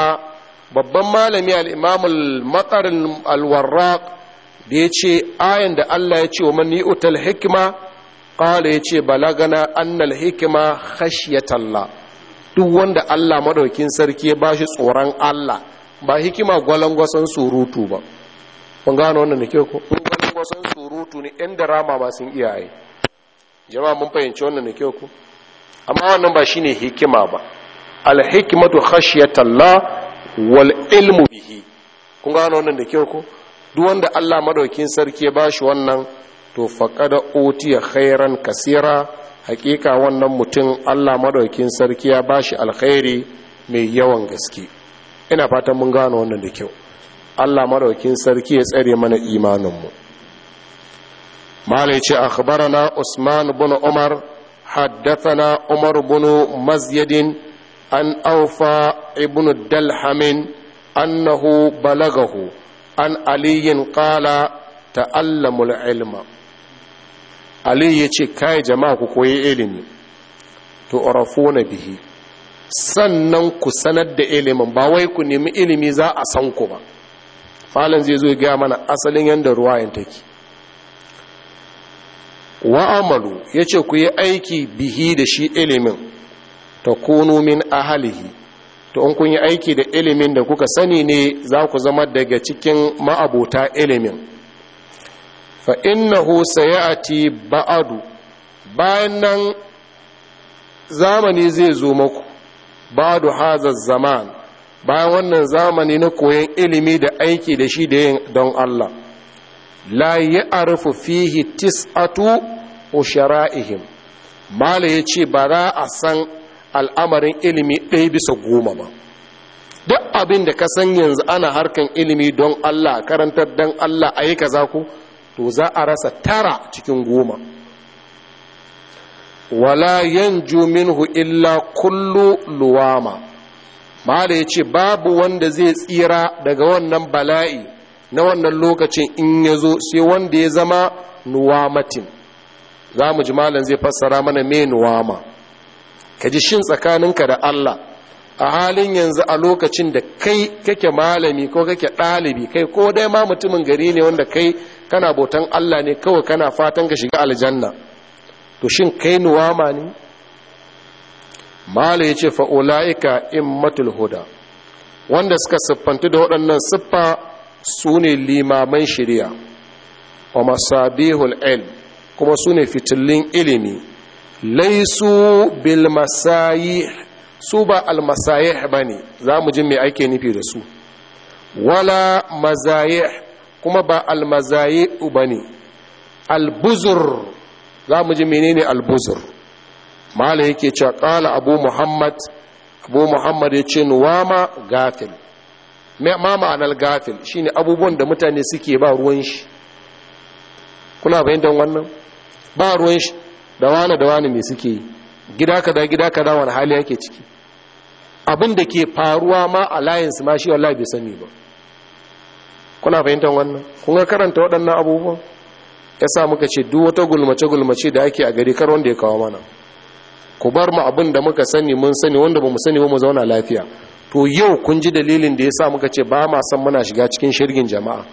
babban malami al-imam al-matar alwarraq da yace ayan da Allah ya ce wa man Hikima. ya ce balagana annal hikima khashyatalla duk wanda Allah madaukin sarki ya bashi tsoron Allah ba hikima gwalangwasan surutu ba kun gano wannan nake ko gwalangwasan surutu ne inda rama ba sun iyaye jama'a mun fahimci wannan nake ko amma wannan ba shine hikima ba al hikmatu khashyatalla wal ilmu bihi kun gano wannan da kyau ko duk wanda Allah madaukin sarki ya bashi wannan to faƙada otiya khairan kasira hakika wannan mutum allah maɗaukin sarki ya ba shi alkhairi mai yawan gaske ina fatan mun gano wannan da kyau allah maɗaukin sarki ya tsare mana imaninmu malai ce na usman bin umar na umar bin mazyadin an aufa ibn dalhamin annahu balagahu an aliyin qala ta'allamul ilma ali ya ce kai jama'a ku koyi ilimi to na bihi sannan ku sanar da ilimin ba wai ku nemi ilimi za a san ku ba falon zai zo ya gaya mana asalin yadda yin take wa'amalu ya ce ku yi aiki bihi da shi ilimin ta kunu min ahalihi to in kun yi aiki da ilimin da kuka sani ne za ku zama daga cikin ma'abota ilimin fa innahu sayati ba'adu bayan nan zamani zai zo maku ba'adu hazar zaman bayan wannan zamani na koyon ilimi da aiki da shi da yin don Allah la ya'rifu fihi tis'atu ushara'ihim mala ce ba za a san al'amarin ilimi ɗaya bisa goma ba duk abin da ka san yanzu ana harkan ilimi don Allah karantar don Allah a yi kaza ku to za a rasa tara cikin goma wala yanju minhu illa kullu luwama mala ya ce babu wanda zai tsira daga wannan bala'i na wannan lokacin in ya zo sai wanda ya zama nuwamatin za mu ji malam zai fassara mana mai nuwama ka ji shin tsakaninka da allah a halin yanzu a lokacin da kai kake malami ko kake ɗalibi kai ko dai ma mutumin gari ne wanda kai kana bautan Allah ne kawai kana fatan ka shiga aljanna to shin kai nuwama ne mala yace fa ulaika immatul huda wanda suka siffantu da waɗannan siffa su ne limaman shari'a wa masabihul ilm kuma su ne fitillin ilimi laisu bil su ba almasayih ba ne za mu ji mai ake nufi da su wala mazayih kuma ba almazaye ba ne albuzur za mu ji menene albuzur Malam yake cewa kala abu muhammad abu muhammad ya ce nuwama gafil ma ma'anar gafil shine abubuwan da mutane suke ba ruwan shi kuna bayyantar wannan ba ruwan shi da wane da wane mai suke yi gida kada gida kada wani hali yake ciki abin da ke faruwa ma a layinsu ma shi wallahi bai sani ba kuna fahimtar wannan kun ga karanta waɗannan abubuwan ya sa muka ce duk wata gulmace gulmace da ake a gari kar wanda ya kawo mana ku bar mu abin da muka sani mun sani wanda mu sani ba mu zauna lafiya to yau kun ji dalilin da ya sa muka ce ba ma san muna shiga cikin shirgin jama'a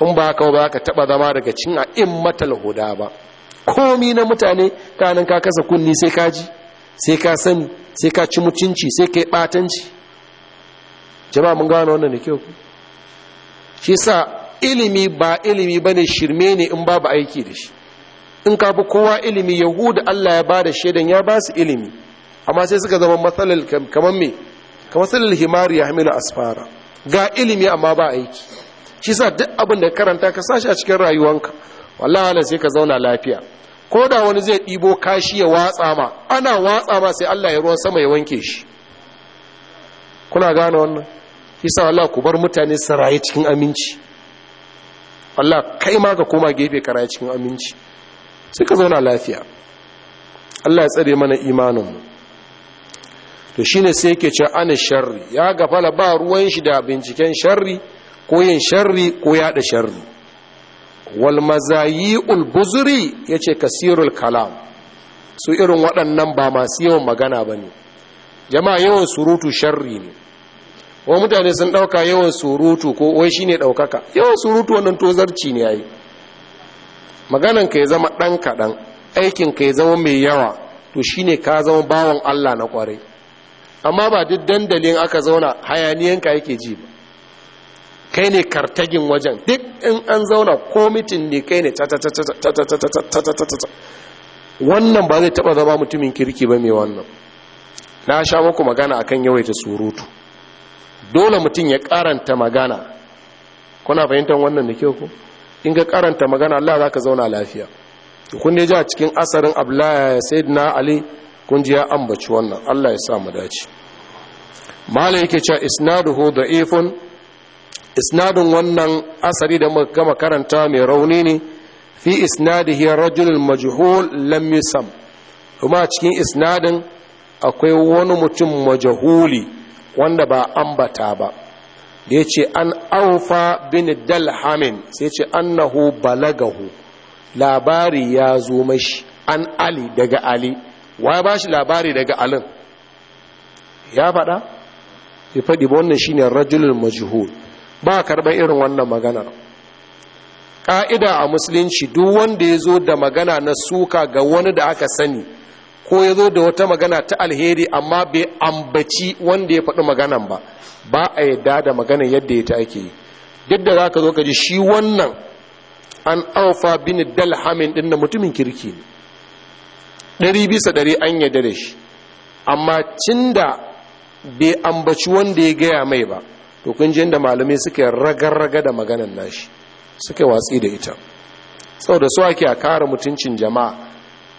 in ba ka ba ka taba zama daga cikin a in matal huda ba komi na mutane kanin ka kasa kunni sai ka ji sai ka sani sai ka ci mutunci sai ka yi batanci jama'a mun gano wannan da kyau shi sa ilimi ba ilimi ba ne shirme ne in babu aiki da shi in ka fi kowa ilimi yahuda Allah ya ba da shaidan ya ba su ilimi amma sai suka zama matsalar kamar me kamar matsalar himari ya hamilu asfara ga ilimi amma ba aiki shi sa duk abin da karanta ka sashi a cikin rayuwanka wallahi sai ka zauna lafiya ko da wani zai ɗibo kashi ya watsa ma ana watsa ma sai Allah ya ruwan sama ya wanke shi kuna gane wannan yasa Allah ku bar mutane su raye cikin aminci Allah kai ma ka koma gefe ka raye cikin aminci sai ka zauna lafiya Allah ya tsare mana imanin mu to shine sai yake cewa ana sharri ya gafala ba ruwan shi da binciken sharri ko yin sharri ko yada sharri wal mazayi'ul buzuri yace kasirul kalam su irin waɗannan ba masu yawan magana bane jama'a yawan surutu sharri ne wa mutane sun ɗauka yawan surutu ko wai shine ɗaukaka yawan surutu wannan tozarci ne yayi maganan ka ya zama ɗan kaɗan aikin ka ya zama mai yawa to shine ka zama bawan Allah na ƙwarai amma ba duk dandalin aka zauna hayaniyanka yake ji ba kai ne kartagin wajen duk in an zauna ko mitin ne kai ne wannan ba zai taba zama mutumin kirki ba mai wannan na sha muku magana akan yawaita surutu dole mutum ya karanta magana kuna fahimtar wannan da kyau ku in ga karanta magana Allah za ka zauna lafiya kun ne ja cikin asarin sai na ali kun ji ya ambaci wannan Allah ya sa mu dace malai yake cewa isnaduhu da'ifun isnadun wannan asari da muka gama karanta mai rauni ne fi isnadihi rajulul majhul lam yusam kuma cikin isnadin akwai wani mutum majhuli wanda ba ambata ba da ya ce an aufa bin dalhamin sai ce annahu balagahu labari ya zo mashi an ali daga ali wa ba shi labari daga alin ya faɗa ya faɗi ba wannan shine rajulun majhul ba karɓar irin wannan maganar ƙa'ida a musulunci duk wanda ya zo da magana na suka ga wani da aka sani ko ya zo da wata magana ta alheri amma bai ambaci wanda ya faɗi maganan ba ba a yadda da magana yadda ya ta ake yi duk da za ka zo ka ji shi wannan an alfa bin dalhamin ɗin na mutumin kirki ne ɗari bisa ɗari an yadda da shi amma cin da bai ambaci wanda ya gaya mai ba to kun ji inda malamai suke raga-raga da maganan nashi suke watsi da ita sau da su ake a kare mutuncin jama'a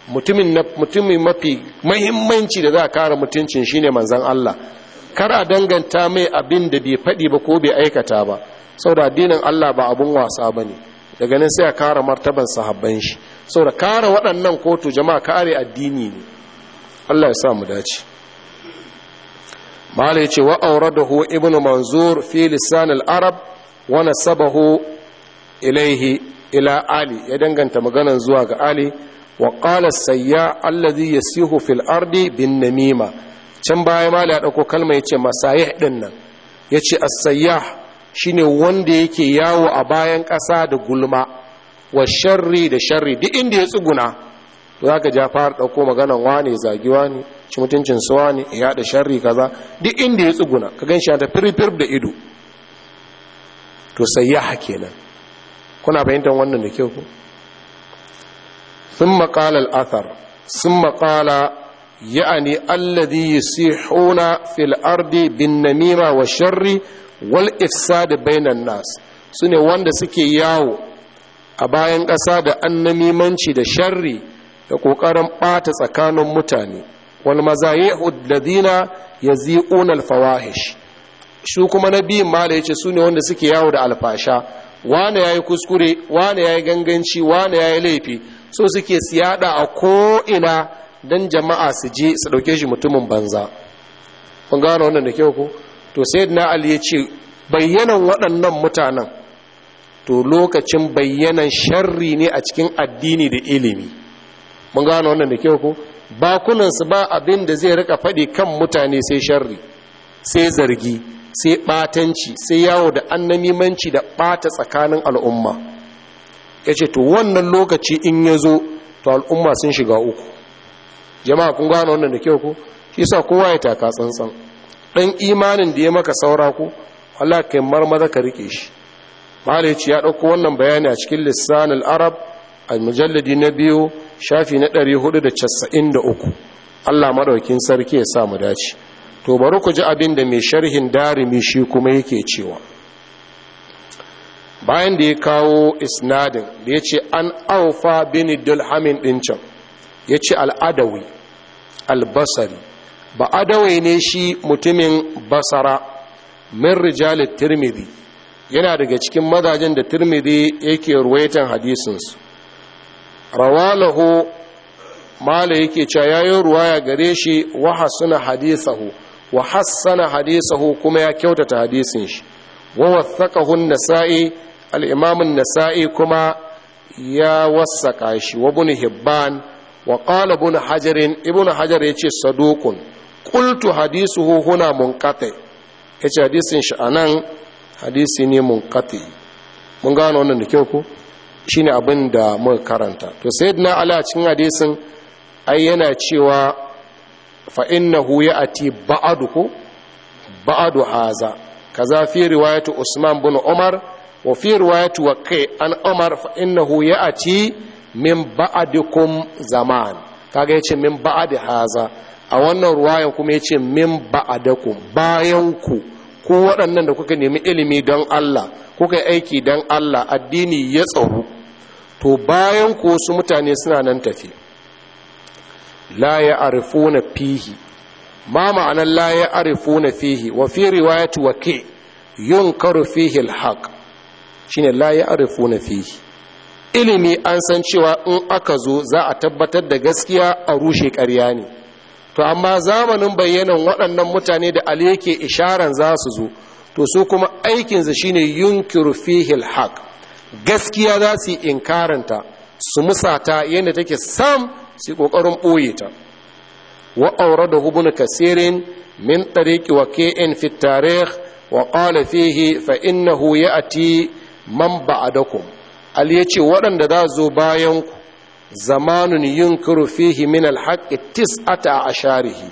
mutumin na mutumi mafi muhimmanci da za a kare mutuncin shine manzon Allah kar a danganta mai abin da bai faɗi ba ko bai aikata ba saboda addinin Allah ba abun wasa ne, daga nan sai a kara martaban sahabban shi saboda kara waɗannan kotu jama'a kare addini ne Allah ya sa mu dace malai ce wa auradahu ibnu manzur fi lisan al-arab wa nasabahu ilaihi ila ali ya danganta maganan zuwa ga ali wa qala sayya zai yasihu fil ardi bin namima can baya ma ya dauko kalma yace masayih din nan yace as-sayyah shine wanda yake yawo a bayan ƙasa da gulma wa sharri da sharri duk inda ya tsuguna to zaka ja fara dauko maganan wane zagi wane ci mutuncin su ya da sharri kaza duk inda ya tsuguna ka ganshi ta firfir da ido to sayyah kenan kuna fahimtar wannan da kyau sun maƙalar athar sun maƙala ya'ani alladhi yusihuna fil ardi bin namima wa sharri wal ifsad bainan nas sune wanda suke yawo a bayan ƙasa da annamimanci da sharri da ƙoƙarin ɓata tsakanin mutane wal mazayi'u alladhina yazi'una al fawahish su kuma na biyun ma da sune wanda suke yawo da alfasha wane yayi kuskure wane yayi ganganci wane yayi laifi so suke siyada a ko'ina don jama'a su je su ɗauke shi mutumin banza kun gano wannan da kyau ko to sai na ali ya ce bayyanan waɗannan mutanen to lokacin bayyanan sharri ne a cikin addini da ilimi mun gano wannan da kyau ko bakunansu ba abin da zai rika faɗi kan mutane sai sharri sai zargi sai ɓatanci sai yawo da annamimanci da ɓata tsakanin al'umma ya ce to wannan lokaci in ya zo to al'umma sun shiga uku jama'a kun gano wannan da kyau ko shi sa kowa ya taka tsantsan ɗan imanin da ya maka saura ku Allah kai marmaza ka rike shi malici ya ɗauko wannan bayani a cikin lissanin arab a mujalladi na biyu shafi na ɗari da da casa'in hudu uku. Allah maɗaukin sarki ya sa mu dace to bari ku ji abin da mai sharhin darimi shi kuma yake cewa bayan da ya kawo isnadin da ya ce an aufa bin dulhamin ɗin can ya ce al'adawi albasari ba adawai ne shi mutumin basara min rijalit tirmidhi yana daga cikin mazajen da tirmidhi yake ruwaitan hadisinsu rawalahu mala yake cewa yayi ruwaya gare shi wa hasana hadisahu wa hassana hadisahu kuma ya kyautata hadisin shi wa wathaqahu an-nasa'i الإمام nasa'i kuma ya wasaƙa shi wa وقال ابن wa ƙala حجر صدوق hajar ya ce منقطع ƙultu حديث huna munƙate ya ce hadisin shi a nan hadisi ne mun gano wannan da kyau ku shi ne abin da karanta to sai ala cikin hadisin ai yana cewa fa'innahu ya ati ba'adu ba'adu haza kaza fi usman bin umar wa fi riwayatu wa kai an umar fa a ya'ti min ba'dikum zaman kaga yace min ba'di haza a wannan ruwayan kuma yace min ba'dakum bayan ku ku waɗannan da kuka nemi ilimi don Allah kuka aiki don Allah addini ya tsahu. to bayanku wasu mutane suna nan tafi la ya arifuna fihi ma ma'anar la ya arifuna fihi wa fi riwayatu wa ke yunkaru fihi alhaq shine la na fihi ilimi an san cewa in aka zo za a tabbatar da gaskiya a rushe karya ne to amma zamanin bayyanan waɗannan mutane da ali yake isharan za su zo to su kuma aikinsa shine yunkiru fihil haq gaskiya za su yi inkaranta su musata yadda take sam su ƙoƙarin ɓoye ta wa aure da hubun kasirin min tariki wa ke'in fi tarih wa ƙala fihi fa ya ati man dakon ali ya ce waɗanda za zo bayanku zamanun kuro fihi min alhaqqi a asharihi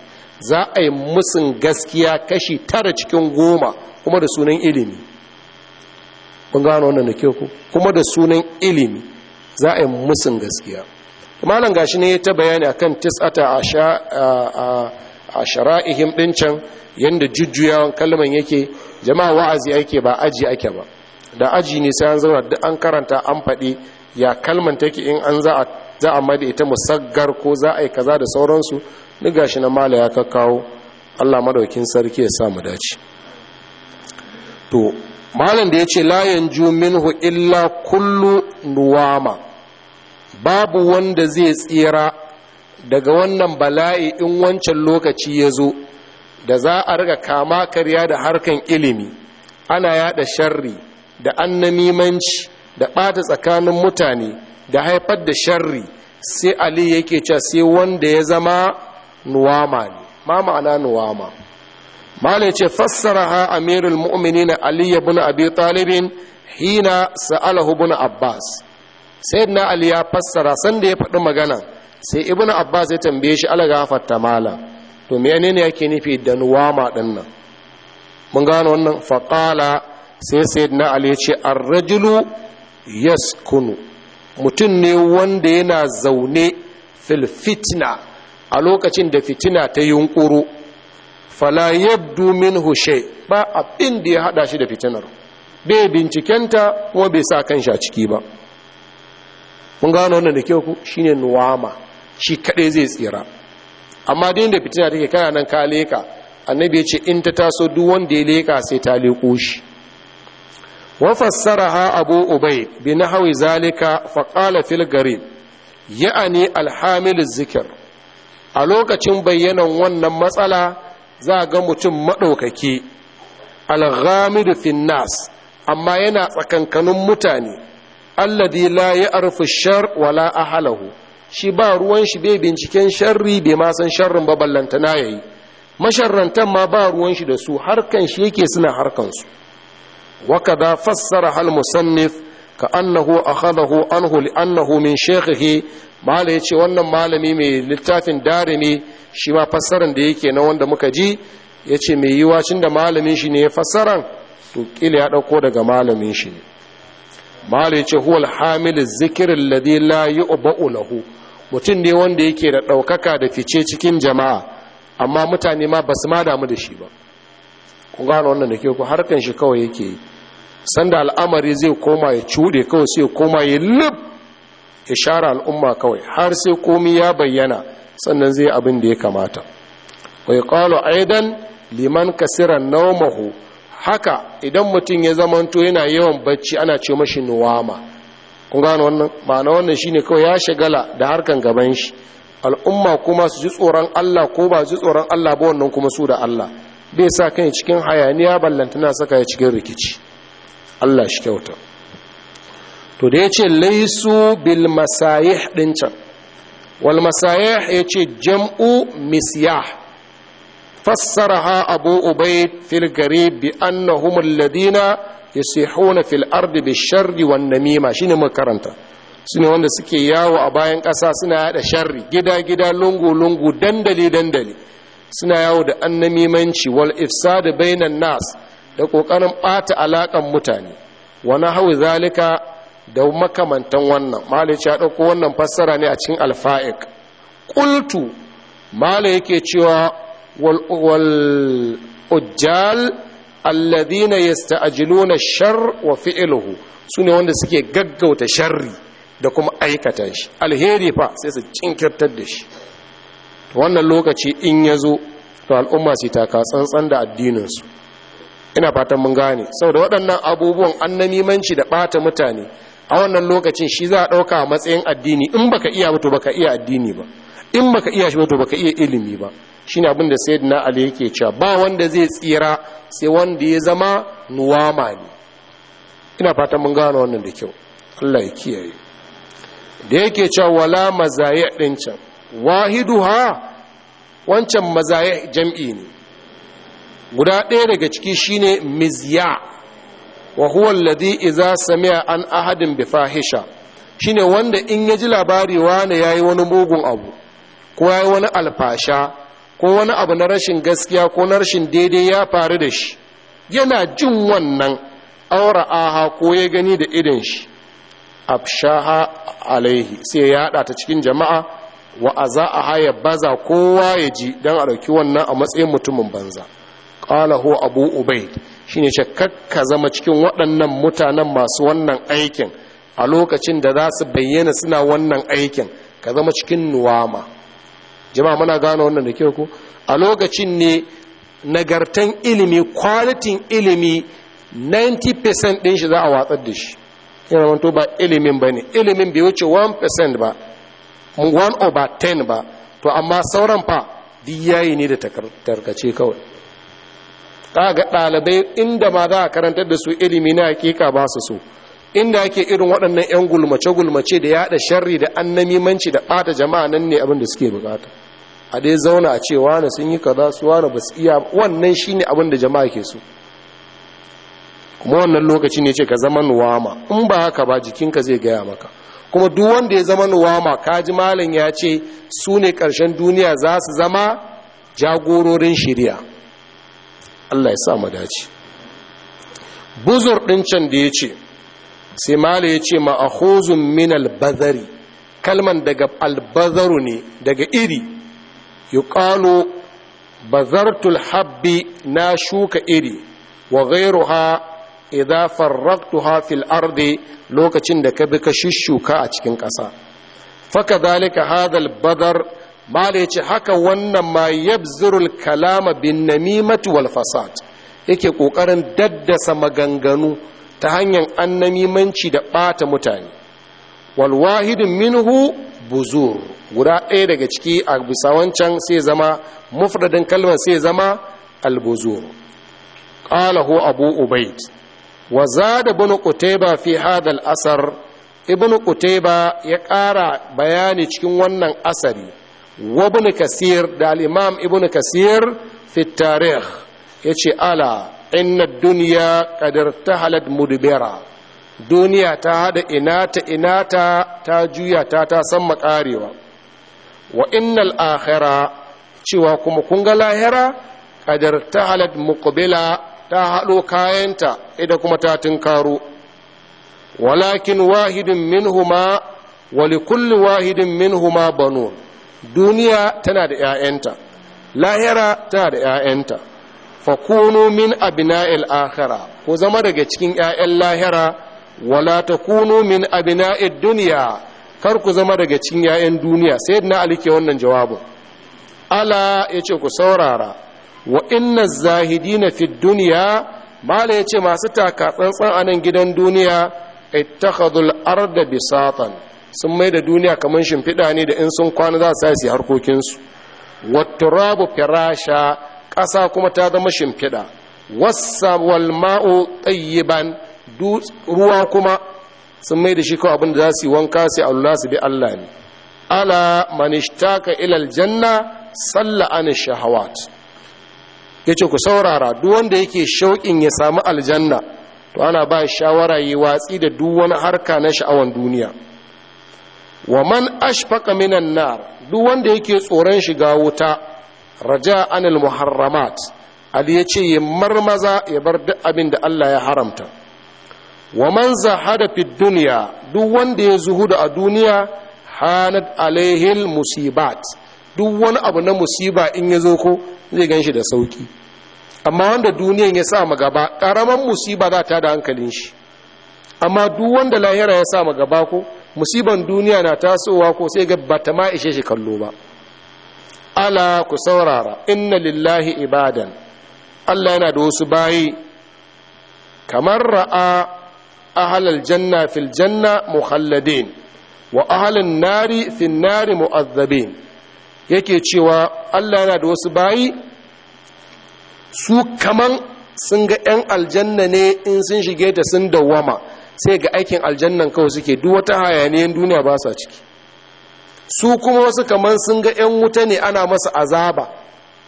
za a yi musun gaskiya kashi tara cikin goma kuma da sunan ilimi kun gano wannan da ke ku kuma da sunan ilimi za a yi musun gaskiya malam gashi ne ya ta bayani akan tis a shara'ihim din yadda yanda jujjuyawan kalman yake jama'a wa'azi ake ba aji ake ba da aji ne sai an zauna duk an karanta an faɗi ya kalman take in an za a za a mai da ita musaggar ko za a yi kaza da sauransu ni gashi na mala ya kakkawo Allah madaukin sarki ya sa mu dace to malam da yace la yanju minhu illa kullu nuwama babu wanda zai tsira daga wannan bala'i in wancan lokaci ya zo da za a riga kama karya da harkan ilimi ana yada sharri da annamimanci da ɓata tsakanin mutane da haifar da sharri sai ali yake cewa sai wanda ya zama nuwama ne ma ma'ana nuwama malai ce fassara ha amirul na ali buna abi talibin hina sa'alahu ibn abbas na ali ya fassara sanda ya faɗi magana sai ibn abbas ya tambaye shi algafar mala to menene yake nufi da nuwama dinnan mun gano wannan faƙala. sai sayyidina ali ya ce an rajulu yaskunu mutum ne wanda yana zaune fil fitna a lokacin da fitina ta yunkuru fala yabdu min hushe, ba abin da ya hada shi da fitinar bai bincikenta kuma bai sa shi a ciki ba mun gano wannan da kyau ku shine nuwama shi kadai zai tsira amma din da fitina take kana nan ka leka annabi ya ce in ta taso duk wanda ya leka sai ta leko shi wa fassaraha abu ubay bi nahwi zalika fa qala fil garib ya'ani alhamil zikr a lokacin bayyanan wannan matsala za ga mutum maɗaukaki. alghamidu fin amma yana tsakankanun mutane alladhi la ya'rifu shar wala ahlahu shi ba ruwan shi bai binciken sharri bai ma san sharrin ba ballantana yayi masharrantan ma ba ruwan shi da su harkan shi yake suna harkan su وكذا fassara hal كأنه أخذه عنه لأنه من شيخه ما ليتي wannan malami mai littafin darimi shi ma fassaran da yake na wanda muka ji ya ce mai yiwa cin da malamin shi ne ya fassaran to kila ya ɗauko daga malamin shi ne malai ce huwal hamil zikirin ladi la lahu mutum ne wanda yake da ɗaukaka da fice cikin jama'a amma mutane ma basu ma damu da shi ba kun gano wannan da ke ku harkan shi kawai yake yi sanda al'amari zai koma ya cuɗe kawai sai koma ya lub ya share al'umma kawai har sai komi ya bayyana sannan zai abin da ya kamata wai ƙalo aidan liman kasiran naumahu haka idan mutum ya zamanto yana yawan bacci ana ce mashi nuwama kun gano wannan ma'ana wannan shine kawai ya shagala da harkan gaban shi al'umma kuma su ji tsoron Allah ko ba su ji tsoron Allah ba wannan kuma su da Allah bai sa kai cikin hayaniya ballantana saka ya cikin rikici Allah shi kyauta to da ya ce laisu bil masayih din can wal masayih ya ce jam'u misyah fassaraha abu ubaid fil gari bi annahum alladhina yasihuna fil ardi bi sharri wan namima shine makaranta. karanta sune wanda suke yawo a bayan ƙasa suna yada sharri gida gida lungu lungu dandali dandali suna yawo da annamimanci wal ifsad bainan nas da kokarin bata alakan mutane wa hawi zalika da makamantan wannan malici ya dauko wannan fassara ne a cikin alfa'iq qultu mala yake cewa wal wal ujjal alladhina yasta'jiluna shar wa fi'luhu sune wanda suke gaggauta sharri da kuma aikatan shi alheri fa sai su cinkirtar da shi wannan lokaci in ya zo to al'umma su taka tsantsan da addininsu ina fatan mun gane saboda waɗannan abubuwan an na annamimanci da ɓata mutane a wannan lokacin shi za a ɗauka a matsayin addini in baka iya ba to baka iya addini ba in baka iya shi ba to baka iya ilimi ba Shi shine abin da sayyidina ali yake cewa ba wanda zai tsira sai wanda ya zama nuwama ne ina fatan mun gane wannan da kyau Allah ya kiyaye da yake cewa wala mazaya din can ha? wancan mazaya jam'i ne guda ɗaya daga ciki shine mizya wa huwa iza sami'a an ahadin bi fahisha shine wanda in ya ji labari wani yayi wani mugun abu ko yayi wani alfasha ko wani abu na rashin gaskiya ko na rashin daidai ya faru da shi yana jin wannan aura aha ko ya gani da idan shi afshaha alaihi sai ya yada ta cikin jama'a wa a za a haya baza kowa ya ji don a ɗauki wannan a matsayin mutumin banza ƙala abu ubaid shi ne shakakka zama cikin waɗannan mutanen masu wannan aikin a lokacin da za su bayyana suna wannan aikin ka zama cikin nuwama jama'a muna gane wannan da kyau ko a lokacin ne nagartan ilimi kwalitin ilimi 90% ɗin shi za a watsar da shi ba ilimin ba ne ilimin bai wuce 1% ba one over ten ba to amma sauran fa duk ne da tarkace kawai ga ɗalibai inda ma za a karantar da su ilimi na hakika ba su so inda ake irin waɗannan 'yan gulmace-gulmace da yaɗa sharri da annamimanci da ɓata jama'a nan ne abin da suke bukata a dai zauna a ce wani sun yi kaza su wani ba su iya wannan shi ne abin da jama'a ke so kuma wannan lokaci ne ce ka zama nuwama in ba haka ba jikinka zai gaya maka kuma duk wanda ya zama nuwama kaji malam ya ce su ne ƙarshen duniya za su zama jagororin shirya Allah ya sa mu dace buzur ɗin can da ya ce sai malam ya ce ma'ahuzun min albazari kalman daga albazaru ne daga iri ƙalo bazartul habbi na shuka iri wa ha idza farraqtuha fil ardi lokacin da ka bi ka shushuka a cikin ƙasa faka zalika hadal badar mala yace haka wannan ma yabzurul kalama bin namimati wal fasad yake kokarin daddasa maganganu ta hanyar annamimanci da bata mutane wal wahidun minhu buzur guda ɗaya daga ciki a bisa wancan sai zama mufradin kalmar sai zama al buzur qala abu ubaid wa zada ibn qutayba fi hadal al-asar ibn qutayba ya ƙara bayani cikin wannan asari wa ibn kasir da al-imam ibn kasir fi tarikh yace ala inna dunya qad irtahalat mudbira duniya ta hada inata inata ta juya ta ta san makarewa wa innal akhira cewa kuma kun ga lahira qad irtahalat muqbila ta haɗo kayanta ida kuma ta tunkaro walakin wahidin minhuma wali kulli wahidin minhuma banu duniya tana da 'ya'yanta lahira tana da 'ya'yanta fakunu min abina'il akhira ko zama daga cikin 'ya'yan lahira wala ta kunu min abina'id duniya kar ku zama daga cikin 'ya'yan duniya sai na alike wannan jawabin ala ya ce ku saurara wa inna zahidina fi duniya mala yace masu taka tsantsan a nan gidan duniya ittakhadul arda bisatan sun mai da duniya kamar shimfiɗa ne da in sun kwana za su yi harkokinsu watturabu firasha ƙasa kuma ta zama shimfiɗa wasa wal ma'u tayyiban ruwa kuma sun mai da shi kawai abin da za su yi wanka sai Allah su bi Allah ne ala manishtaka ilal janna, salla an shahawat ya ce ku saurara duk wanda yake shauƙin ya samu aljanna to ana ba shawara yi watsi da duk wani harka na sha'awan duniya wa man ashfaqa minan nar duk wanda yake tsoron shiga wuta raja anil muharramat ali ya ce ya marmaza ya bar duk abin da Allah ya haramta wa man zahada fid dunya duk wanda ya zuhuda a duniya hanat alaihil musibat duk wani abu na musiba in ya zo ko zai gan shi da sauki amma wanda duniyan ya sa ma gaba musiba za ta da hankalin shi amma duk wanda lahira ya sa ma gaba ko musiban duniya na tasowa ko sai ga bata ma ishe shi kallo ba ala ku saurara inna lillahi ibadan Allah yana da wasu bayi kamar ra'a ahalal janna fil janna mukhalladin wa ahalin nari finnari nari mu'azzabin yake cewa Allah yana da wasu bayi su kaman sun ga 'yan aljanna ne in sun shige da sun dawama sai ga aikin aljannan kawai suke duk wata hayaniyan duniya ba sa ciki su kuma wasu kaman sun ga 'yan wuta ne ana masa azaba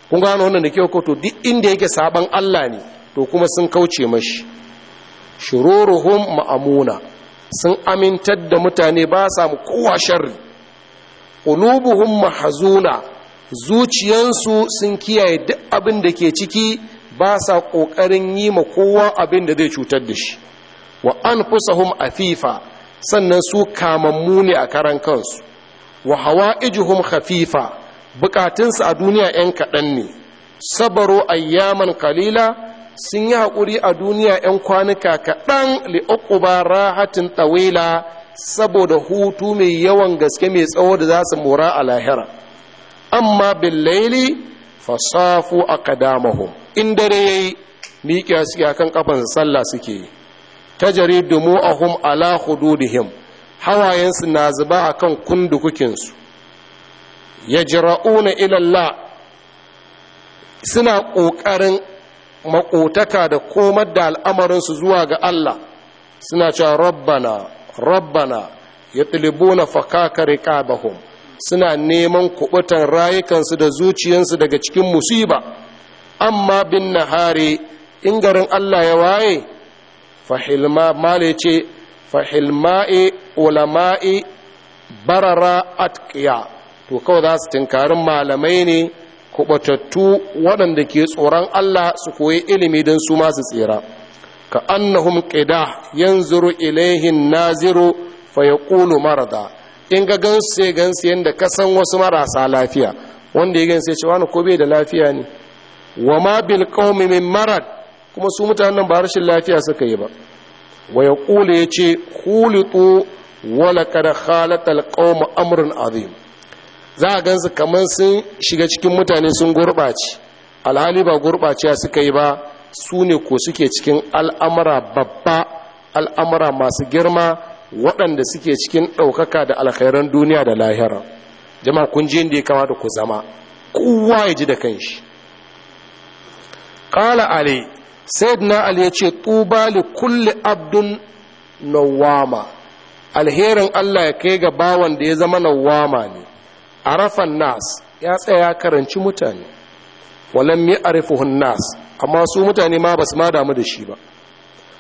kun gano wannan da kyau to duk inda yake saban Allah ne to kuma sun kauce mashi shiruruhun ma'amuna sun amintar da mutane ba sa kowa sharri qulubuhum mahzuna zuciyansu sun kiyaye duk abin da ke ciki ba sa ƙoƙarin yi ma kowa abin da zai cutar da shi wa anfusahum afifa sannan su kamammu ne a karan kansu wa hawaijuhum khafifa bukatunsu a duniya 'yan kaɗan ne sabaro ayyaman kalila sun yi haƙuri a duniya 'yan kwanuka kaɗan li'uquba rahatin tawila saboda hutu mai yawan gaske mai tsawo da za su mora a lahira amma billaili fasafu a kadamahu in dare ya yi miƙiya suke a kan ƙafan sallah suke yi ta jari dumu a hum ala hududihim hawayensu na zuba a kan kundukukinsu ya jira'una ilalla suna ƙoƙarin maƙotaka da komar da al'amarinsu zuwa ga Allah suna cewa rabbana rabbana ya tilibuna fakaka riqabahum suna neman kubutan rayukansu da zuciyansu daga cikin musiba amma bin nahari in garin Allah ya waye fahilma male ce fahilma'i ulama'i barara atqiya to kawai za su tinkarin malamai ne kubatattu waɗanda ke tsoron Allah su koyi ilimi don su masu tsira ka annahum qida yanzuru ilaihin naziru fa yaqulu marada in ga gansu ya gansu yanda ka san wasu marasa lafiya wanda ya gansu ya ce ko bai da lafiya ne wa ma bil qaumi min marad kuma su mutanen ba rashin lafiya suka yi ba wa yaqulu yace khulitu wa laqad khalat al qaum amrun azim za a gansu kamar sun shiga cikin mutane sun gurɓace alhali ba gurɓaciya suka yi ba su ne ko suke cikin al'amura babba al'amura masu girma waɗanda suke cikin ɗaukaka da alkhairan duniya da lahira Jama kun ji inda ya kama da ku zama kowa ya ji da kan shi ƙala ali na ali ya ce tuba li kulli abdun nawama alherin allah ya kai ga bawan da ya zama nawama ne arafan nas ya tsaya karanci mutane walam ari arifuhun nas amma su mutane ma basu ma damu da shi ba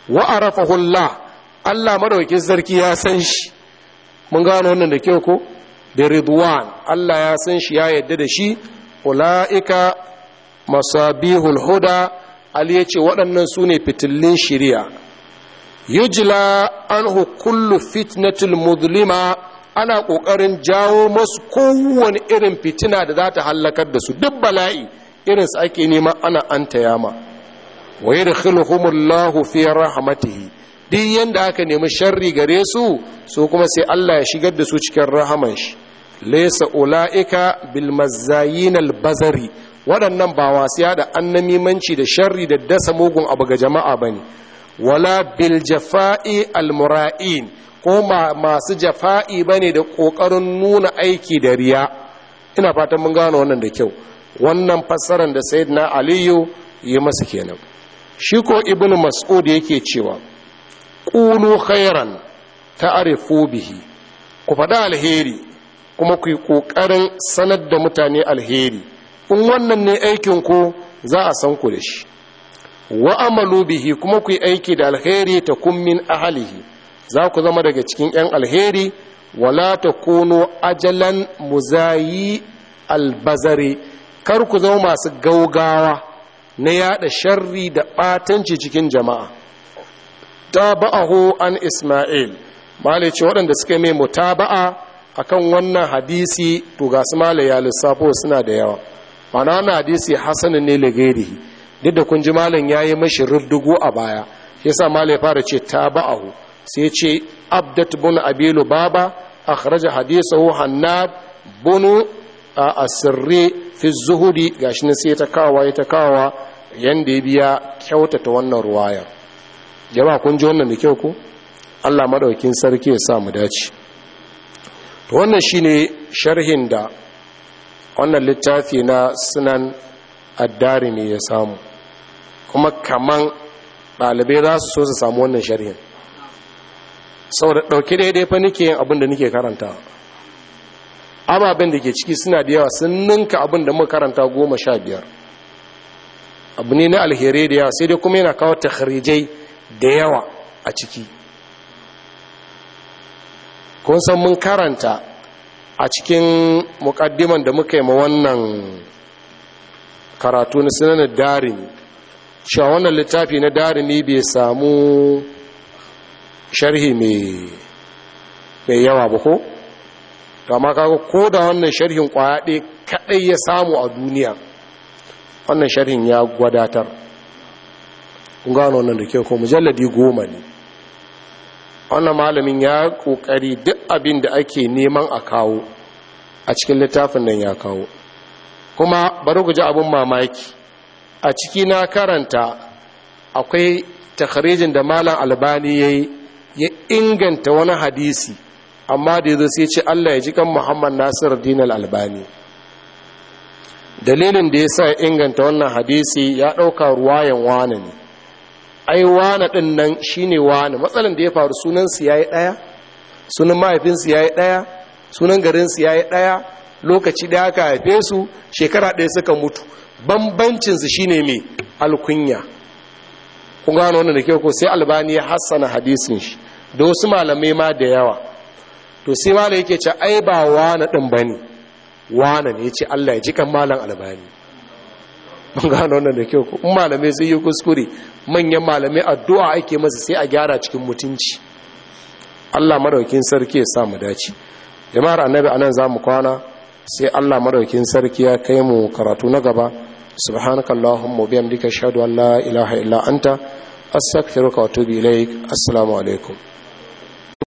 wa hula Allah madaukin sarki ya san shi mun gano wannan da kyau ko bi ridwan Allah ya san shi ya yadda da shi ulaika masabihul huda ali yace waɗannan su ne fitillin shari'a yujla an kullu fitnatul mudlima ana ƙoƙarin jawo masu kowane irin fitina da za ta hallakar da su duk bala'i irin su ake nema ana an tayama wa yi da fi rahamatihi duk yadda aka nemi sharri gare su su kuma sai Allah ya shigar da su cikin rahaman shi laysa ulaika bil bazari waɗannan ba wasiya da annamimanci da sharri da dasa mugun abu ga jama'a bane wala bil jafa'i al mura'in ko masu jafa'i bane da ƙoƙarin nuna aiki da riya ina fatan mun gano wannan da kyau wannan fassarar da na aliyu yi masa kenan shi ko ibn mas'ud yake cewa qulu khairan ta'rifu bihi ku faɗa alheri kuma ku yi ƙoƙarin sanar da mutane alheri in wannan ne aikin ku za a san ku da shi wa amalu bihi kuma ku yi aiki da alheri ta kummin ahalihi za ku zama daga cikin 'yan alheri wala ta kono ajalan muzayi albazari. kar ku zama masu gaugawa na yada sharri da batanci cikin jama'a Ta ho an isma'il male ce waɗanda suka yi mai mutaba'a akan wannan hadisi to ga su male ya lissafo suna da yawa mana wannan hadisi hasanin ne lagerihi duk da kun ji malin ya yi mashi rubdugu a baya shi sa male ya fara ce ta tabahu sai ce abdat bun abilu baba akhraja hadisahu hannad bunu asirri fi zuhudi gashi na sai ta kawa ya ta kawa yanda ya biya kyautata wannan ruwaya jama'a kun ji wannan da kyau ku? Allah maɗaukin sarki ya sa mu dace to wannan ne sharhin da wannan littafi na sunan ne ya samu kuma kaman ɗalibai za su so su samu wannan sharhin saboda ɗauki daidai fa nike yin abin da nake karanta ababen da ke ciki suna da yawa sun ninka abin da muka karanta goma sha biyar abu ne na alheri da yawa sai dai kuma yana kawo takharijai da yawa a ciki kun san mun karanta a cikin mukaddiman da muka yi ma wannan karatu na sinanar darini cewa wannan littafi na darini bai samu sharhi mai yawa ba ko? kama kaga ko da wannan sharhin kwaya ɗaya kaɗai ya samu a duniya wannan sharhin ya gwadatar kun gano wannan da ke ko mujalladi goma ne wannan malamin ya ƙoƙari duk abin da ake neman a kawo a cikin littafin nan ya kawo kuma bari guji abin mamaki a ciki na karanta akwai takharijin da malam albani ya ya inganta wani hadisi amma da yazo sai ce Allah ya ji kan Muhammad Nasir Din Al-Albani dalilin da yasa ya inganta wannan hadisi ya ɗauka ruwayan wani ne ai wani din nan shine wani matsalan da ya faru sunan su yayi daya sunan mahaifin ya yayi ɗaya, sunan garin su yayi ɗaya, lokaci da aka haife su shekara ɗaya suka mutu bambancin su shine mai alkunya kun gano wannan da ke ko sai albani ya hassana hadisin shi da wasu malamai ma da yawa to sai malam yake ce ai ba wani ɗin ba ne wani ne ce allah ya ji kan malam albani ban gano wannan da kyau kuma in malamai sai yi kuskure manyan malamai addu'a ake masa sai a gyara cikin mutunci allah madaukin sarki ya sa mu dace jama'ar annabi anan za mu kwana sai allah madaukin sarki ya kai mu karatu na gaba subhanaka allahumma bihamdika ashhadu an la ilaha illa anta astaghfiruka wa atubu ilaik assalamu alaikum